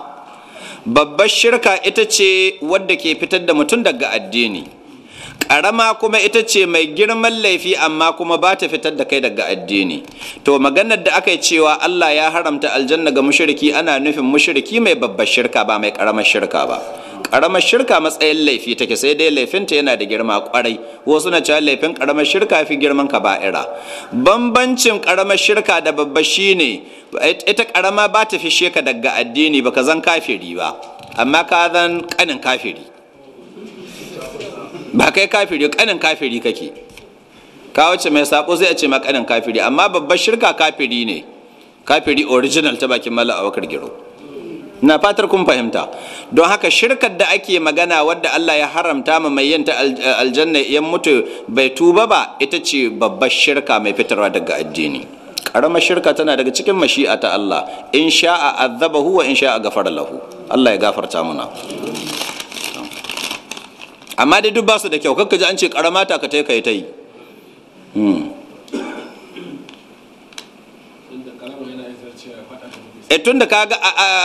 babbar shirka ita ce wadda ke fitar da mutum daga addini karama kuma ita ce mai girman laifi amma kuma ba ta fitar da kai daga addini to maganar da aka yi cewa Allah ya haramta aljanna ga mushriki ana nufin mushriki mai babbar shirka ba mai ƙaramar shirka ba ƙaramar shirka matsayin laifi take sai dai laifinta yana da girma kwarai wasu na cewa laifin ƙaramar shirka fi girman ka kaba'ira bambancin ƙaramar shirka da babba shine ita ƙarama ba ta fi sheka daga addini baka zan kafiri ba amma ka zan kanin kafiri ba kai kafiri kanin kafiri kake ka wace mai sako zai ce ma kanin kafiri amma babbar shirka kafiri ne kafiri original ta bakin mala awakar giro na fatar kun fahimta don haka shirkar da ake magana wadda Allah ya haramta ma mai yanta eh, aljanna yan mutu bai tuba ba ita ce babbar shirka mai fitarwa daga addini karamar shirka tana daga cikin mashi'a ta Allah in sha'a azzabahu wa in sha'a gafara lahu Allah ya gafarta muna amma dai duk basu da kyau kakka ji an ce karama ta ka taika ta yi hmm. eh, tun da ga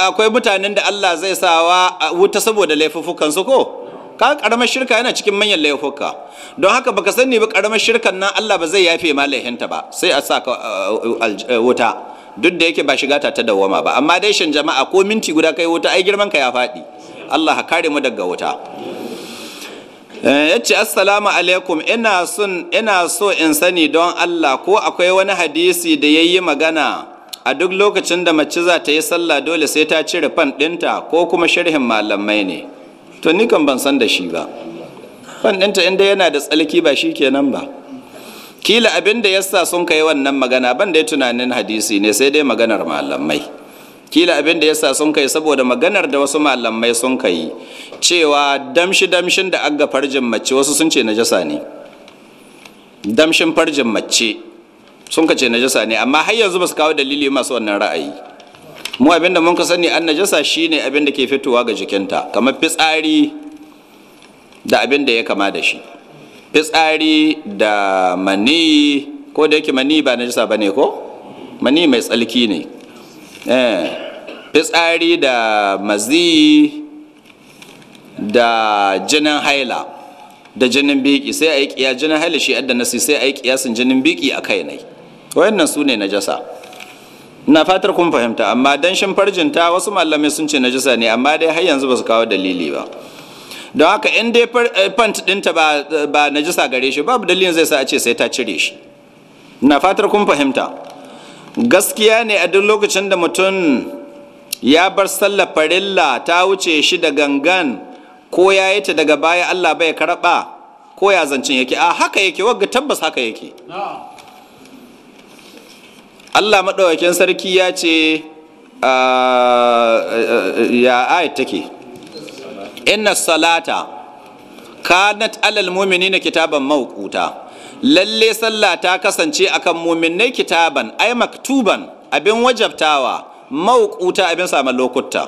akwai mutanen da Allah zai sawa wuta saboda laifuffukan su ko ka karamar shirka yana cikin manyan laifuka don haka baka sani ba karamar shirkan nan Allah ba zai yafe ma laihinta ba sai a sa ka wuta duk da yake ba shiga ta ta dawoma ba amma dai shan jama'a ko minti guda kai wuta ai girman ka ya faɗi Allah ka kare mu daga wuta Eh, ya ce assalamu alaikum ina so in sani don Allah ko akwai wani hadisi da ya yi magana a duk lokacin da mace za ta yi sallah dole sai ta cire fan ɗinta ko kuma sharhin malamai ne to ni kan ban san da shi ba fan ɗinta inda yana da tsalki ba shi kenan ba kila abin da yasa sun kai wannan magana ban dai tunanin hadisi ne sai dai maganar malamai kila abin da yasa sun kai saboda maganar da wasu malamai sun kai cewa damshi damshin da aga farjin mace wasu sun ce najasa ne damshin farjin mace sun ka ce najasa ne amma har yanzu ba su kawo dalili masu wannan ra'ayi mu abinda mun ka sani an najasa shine abin da ke fitowa ga jikinta kamar fitsari da abin da ya kama da shi fitsari da mani ko da yake mani ba najasa bane ko mani mai tsalki ne Eh, fitsari da mazi da jinin haila da jinin biki sai a yi kiya jinin haila shi adda nasi sai a yi kiyasin jinin biki a kai nai wayannan su ne najasa Ina fatar kun fahimta amma danshin farjinta wasu malamai sun ce najasa ne amma dai har yanzu basu kawo dalili ba don haka in dai eh, pant dinta ba najasa gare shi babu dalilin zai sa a ce sai ta cire shi na fatar kun fahimta gaskiya ne a duk lokacin da mutum ya bar sallah farilla ta wuce shi da gangan ko ya yi ta daga baya Allah bai karɓa ko ya zancen yake a haka yake wagga tabbas haka yake Allah maɗaukakin sarki ya ce ah, ya ayat take inna salata kanat alal mu'minina kitaban mawquta lalle sallah ta kasance akan muminai kitaban ai maktuban abin wajabtawa mawquta abin samun lokuta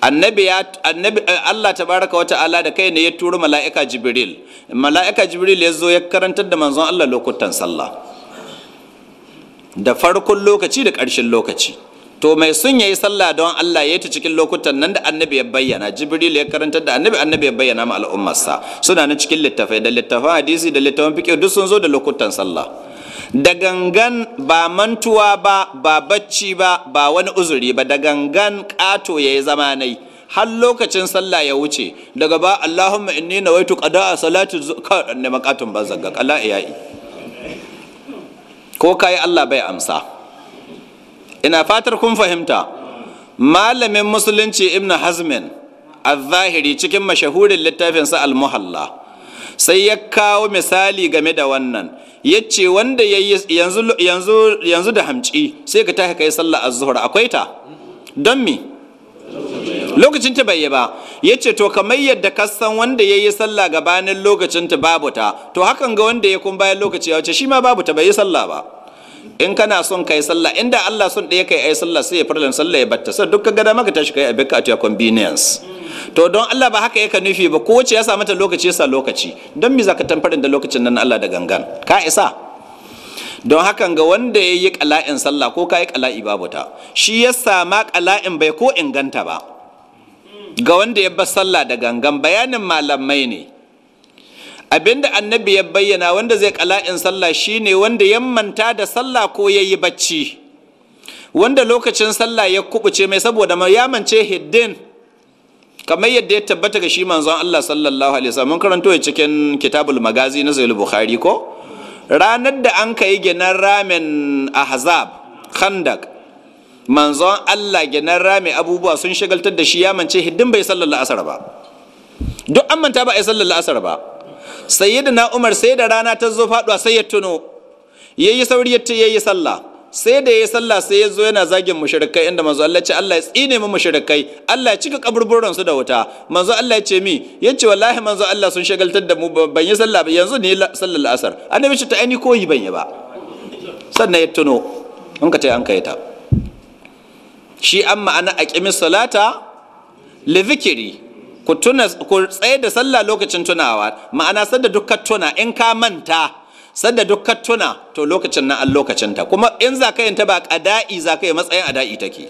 annabi ya annabi eh, Allah tabaraka wata'ala da kai ne ya turo mala'ika jibril mala'ika jibril ya zo ya karantar da manzon Allah lokutan sallah da farkon lokaci da ƙarshen lokaci to mai sun yayi sallah don Allah ya ta cikin lokutan nan da annabi ya bayyana jibril ya karanta da annabi annabi ya bayyana ma al'ummarsa suna nan cikin littafai da littafan hadisi da littafan fiqh duk sun zo da lokutan sallah da gangan ba mantuwa ba ba bacci ba ba wani uzuri ba da gangan kato yayi yi zama nai har lokacin sallah ya wuce daga ba Allahumma inni nawaitu qada'a salati ka ne makatun bazzaga kala iyai ko kai Allah bai amsa ina fatar kun fahimta malamin musulunci ibn hazmin al-zahiri cikin mashahurin littafinsa al-muhalla sai ya kawo misali game da wannan ya ce wanda ya yi yanzu da hamci sai ka taka kai sallah a zuhur akwai ta don me lokacin ta bai ba ya ce to kamar yadda kasan wanda ya yi sallah gabanin lokacin ta babu ta to hakan ga wanda ya kun bayan lokaci ya wuce shi ma babu ta bai yi sallah ba in kana son kai sallah inda Allah son ɗaya kai ai sallah sai ya farlan sallah ya batta sai dukkan gada maka tashi kai a ka a convenience to don Allah ba haka yake nufi ba ko wace ya sa mata lokaci sa lokaci don me zaka tamfarin da lokacin nan Allah da gangan ka isa don haka ga wanda ya yi kala'in sallah ko ka yi kala'i babu ta shi ya sama kala'in bai ko inganta ba ga wanda ya bar sallah da gangan bayanin malamai ne abinda annabi ya bayyana wanda zai kala'in sallah shine wanda ya manta da sallah ko ya yi bacci wanda lokacin sallah ya kubuce mai saboda ya mance hiddin kamar yadda ya tabbata ga shi manzon Allah sallallahu alaihi wasallam mun karanto ya cikin kitabul magazi na sahih bukhari ko ranar da an kai ginan ramen ahzab khandak manzon Allah ginan rame abubuwa sun shagaltar da shi ya mance hiddin bai sallar la'asar ba duk an manta ba a yi sallar la'asar ba sayyidina umar sai da rana ta zo faduwa sai ya tuno yayi sauri ya yayi sallah sai da yayi sallah sai ya zo yana zagin mushrikai inda manzo Allah ya ce Allah ya tsine mu mushrikai Allah ya cika kaburburan su da wuta manzo Allah ya ce mi yace wallahi manzo Allah sun shagaltar da mu ban yi sallah ba yanzu ne sallar asar annabi shi ta aini koyi ban yi ba sannan ya tuno in ka ce an kai ta shi an ma'ana aqimis salata li dhikri ku tuna ku tsaye da sallah lokacin tunawa ma'ana sadda dukkan tuna in ka manta sadda dukkan tuna to lokacin na an lokacin ta kuma in za ka ta ba ƙada'i za ka yi matsayin ada'i take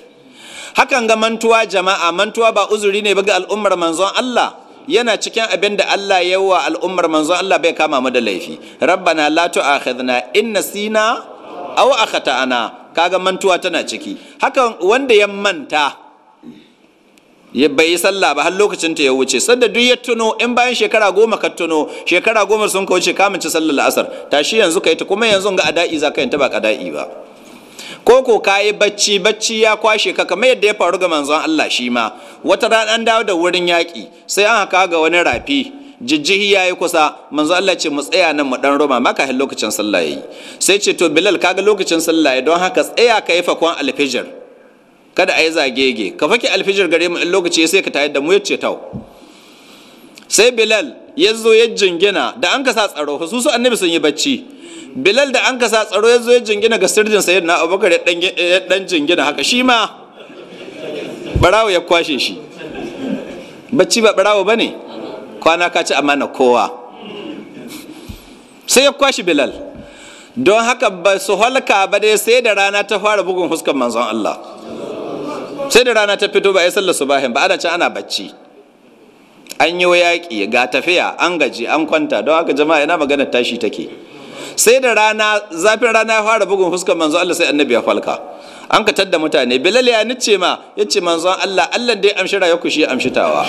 hakan ga mantuwa jama'a mantuwa ba uzuri ne ba ga al'ummar manzon Allah yana cikin abin da Allah ya yi wa al'ummar manzon. Allah bai kama mu da laifi rabbana la tu'akhidhna in nasina aw akhata'ana kaga mantuwa tana ciki hakan wanda ya manta ya bai yi sallah ba har lokacin ta ya wuce sanda duk ya tuno in bayan shekara goma ka tuno shekara goma sun ka wuce kamun ci sallar la'asar tashi yanzu ka yi ta kuma yanzu ga ada'i za ka yi ta ba daɗi ba ko ko ka yi bacci bacci ya kwashe ka kamar yadda ya faru ga manzon Allah shi ma wata rana an dawo da wurin yaƙi sai an haka ga wani rafi jijjihi ya yi kusa manzo Allah ce mu tsaya nan mu dan roma maka lokacin sallah yayi sai ce to Bilal kaga lokacin sallah don haka tsaya ka yi fakon alfijir kada a yi zagege ka fake alfijir gare mu in lokaci sai ka tayar da mu ya tau sai bilal ya zo ya jingina da an ka sa tsaro su su annabi sun yi bacci bilal da an ka sa tsaro ya zo ya jingina ga sirjin na abubakar ya dan jingina haka shi ma barawo ya kwashe shi bacci ba barawo ba ne kwana ka ci amana kowa sai ya kwashe bilal don haka ba su halka ba dai sai da rana ta fara bugun huskan manzon Allah sai da rana ta fito ba ya sallar subahin ba ana ci ana bacci an yi yaƙi ga tafiya an gaji an kwanta don haka jama'a yana magana tashi take sai da rana zafin rana ya fara bugun fuskar manzon Allah sai annabi ya falka an ka tadda mutane bilal ya nice ma ya ce manzon Allah Allah dai amshi rayu kushi shi amshi tawa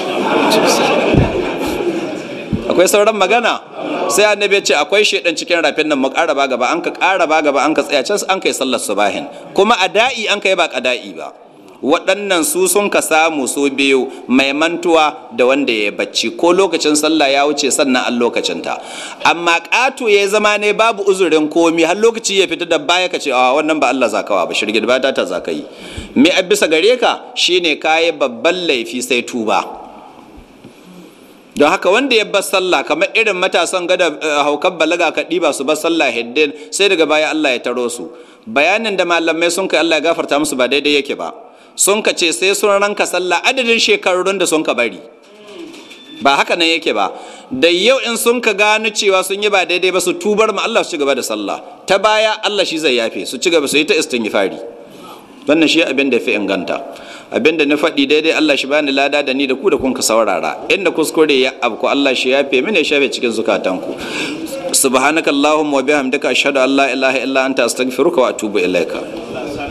akwai sauran magana sai annabi ya ce akwai shedan cikin rafin nan mu ƙara ba gaba an ka ƙara ba gaba an ka tsaya can an kai sallar subahin kuma a da'i an kai ba kada'i ba waɗannan su sun ka samu so biyu mai mantuwa da wanda ya bacci ko lokacin sallah ya wuce sannan an lokacinta amma ƙato ya zama ne babu uzurin komi har lokaci ya fita da baya ka ce a wannan ba Allah zakawa ba shirgin ba ta zaka yi me a bisa gare ka shine yi babban laifi sai tuba don haka wanda ya bar sallah kamar irin matasan gada eh, haukan balaga ka ɗiba su bar sallah hiddin sai daga baya Allah ya taro su bayanin da malamai sun kai Allah ya gafarta musu ba daidai yake ba sun ka ce sai sun ranka sallah adadin shekarun da sun ka bari ba haka nan yake ba da yau in sun ka gano cewa sun yi ba daidai ba su tubar ma Allah su ci gaba da sallah ta baya Allah shi zai yafe su ci gaba su yi ta istighfari wannan shi abin da fi inganta abin da na faɗi daidai Allah shi bani lada da ni da ku da kun ka saurara inda kuskure ya abku Allah shi yafe mene shafe cikin zukatanku subhanakallahumma wa bihamdika ashhadu an la ilaha illa anta astaghfiruka wa atubu ilaika